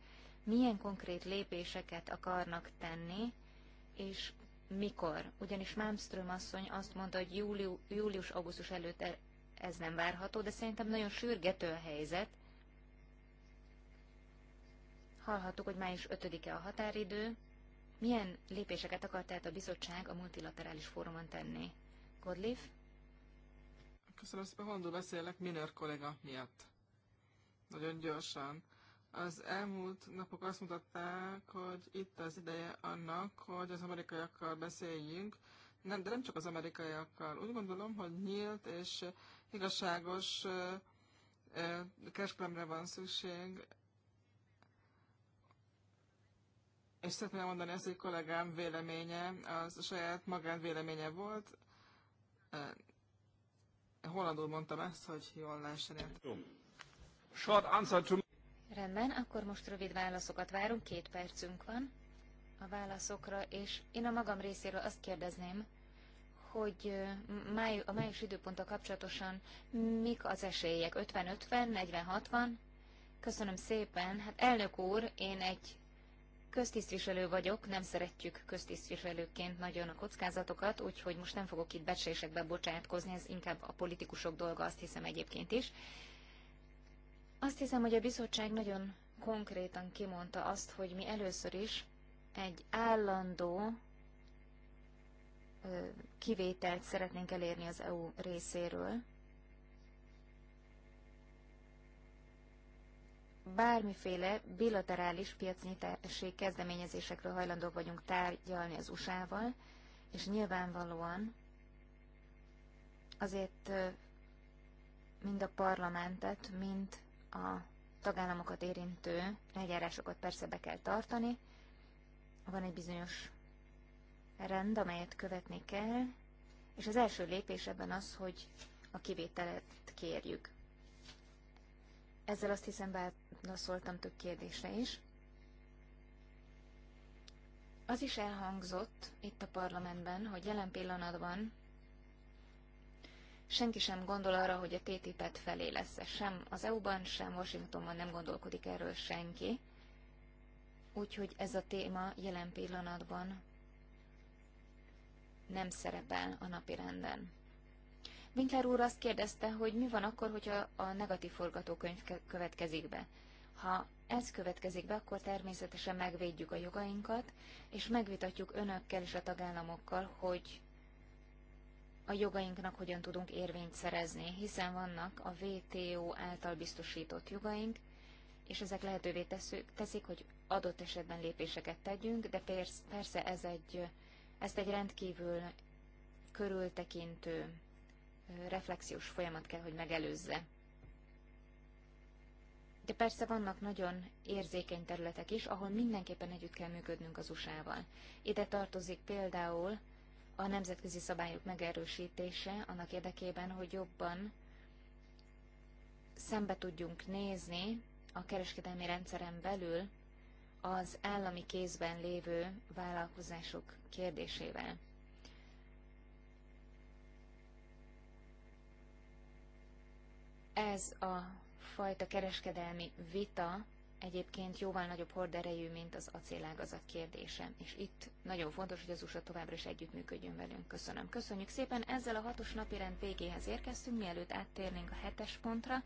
milyen konkrét lépéseket akarnak tenni, és mikor. Ugyanis Malmström asszony azt mondta, hogy július-augusztus előtt e, ez nem várható, de szerintem nagyon sürgető a helyzet. Hallhattuk, hogy május 5-e a határidő. Milyen lépéseket akar tehát a bizottság a multilaterális fórumon tenni? Godliff? Köszönöm szépen, Hondó beszélek Miner kollega miatt. Nagyon gyorsan. Az elmúlt napok azt mutatták, hogy itt az ideje annak, hogy az amerikaiakkal beszéljünk, nem, de nem csak az amerikaiakkal. Úgy gondolom, hogy nyílt és igazságos kereskedelemre van szükség. És szeretném mondani ezt, hogy kollégám véleménye, az a saját magán véleménye volt. Hollandul mondtam ezt, hogy jól lássanak. Short answer to Rendben, akkor most rövid válaszokat várunk, két percünk van a válaszokra, és én a magam részéről azt kérdezném, hogy máj, a május időponttal kapcsolatosan mik az esélyek? 50-50, 40-60? Köszönöm szépen. Hát elnök úr, én egy köztisztviselő vagyok, nem szeretjük köztisztviselőként nagyon a kockázatokat, úgyhogy most nem fogok itt becsésekbe bocsátkozni, ez inkább a politikusok dolga, azt hiszem egyébként is. Azt hiszem, hogy a bizottság nagyon konkrétan kimondta azt, hogy mi először is egy állandó kivételt szeretnénk elérni az EU részéről. Bármiféle bilaterális piacnyitási kezdeményezésekről hajlandók vagyunk tárgyalni az USA-val, és nyilvánvalóan azért mind a parlamentet, mind a tagállamokat érintő eljárásokat persze be kell tartani. Van egy bizonyos rend, amelyet követni kell, és az első lépés ebben az, hogy a kivételet kérjük. Ezzel azt hiszem válaszoltam több kérdésre is. Az is elhangzott itt a parlamentben, hogy jelen pillanatban Senki sem gondol arra, hogy a ttip felé lesz -e. Sem az EU-ban, sem Washingtonban nem gondolkodik erről senki. Úgyhogy ez a téma jelen pillanatban nem szerepel a napi renden. Winkler úr azt kérdezte, hogy mi van akkor, hogyha a negatív forgatókönyv következik be. Ha ez következik be, akkor természetesen megvédjük a jogainkat, és megvitatjuk önökkel és a tagállamokkal, hogy a jogainknak hogyan tudunk érvényt szerezni, hiszen vannak a WTO által biztosított jogaink, és ezek lehetővé teszik, hogy adott esetben lépéseket tegyünk, de persze ez egy, ezt egy rendkívül körültekintő reflexiós folyamat kell, hogy megelőzze. De persze vannak nagyon érzékeny területek is, ahol mindenképpen együtt kell működnünk az USA-val. Ide tartozik például a nemzetközi szabályok megerősítése annak érdekében, hogy jobban szembe tudjunk nézni a kereskedelmi rendszeren belül az állami kézben lévő vállalkozások kérdésével. Ez a fajta kereskedelmi vita egyébként jóval nagyobb horderejű, mint az acélágazat kérdése. És itt nagyon fontos, hogy az USA továbbra is együttműködjön velünk. Köszönöm. Köszönjük szépen. Ezzel a hatos napi rend végéhez érkeztünk, mielőtt áttérnénk a hetes pontra.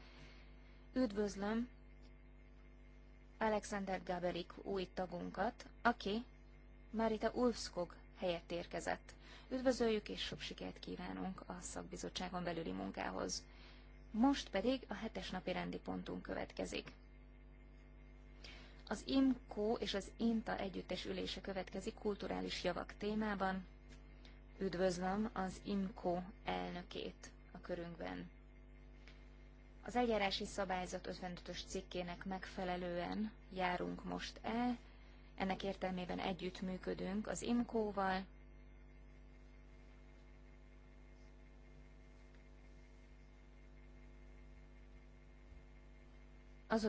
Üdvözlöm Alexander Gaberik új tagunkat, aki már itt a Ulfskog helyett érkezett. Üdvözöljük és sok sikert kívánunk a szakbizottságon belüli munkához. Most pedig a hetes napi rendi pontunk következik. Az IMKO és az INTA együttes ülése következik kulturális javak témában. Üdvözlöm az IMKO elnökét a körünkben. Az eljárási szabályzat 55-ös cikkének megfelelően járunk most el, ennek értelmében együttműködünk az IMKO-val,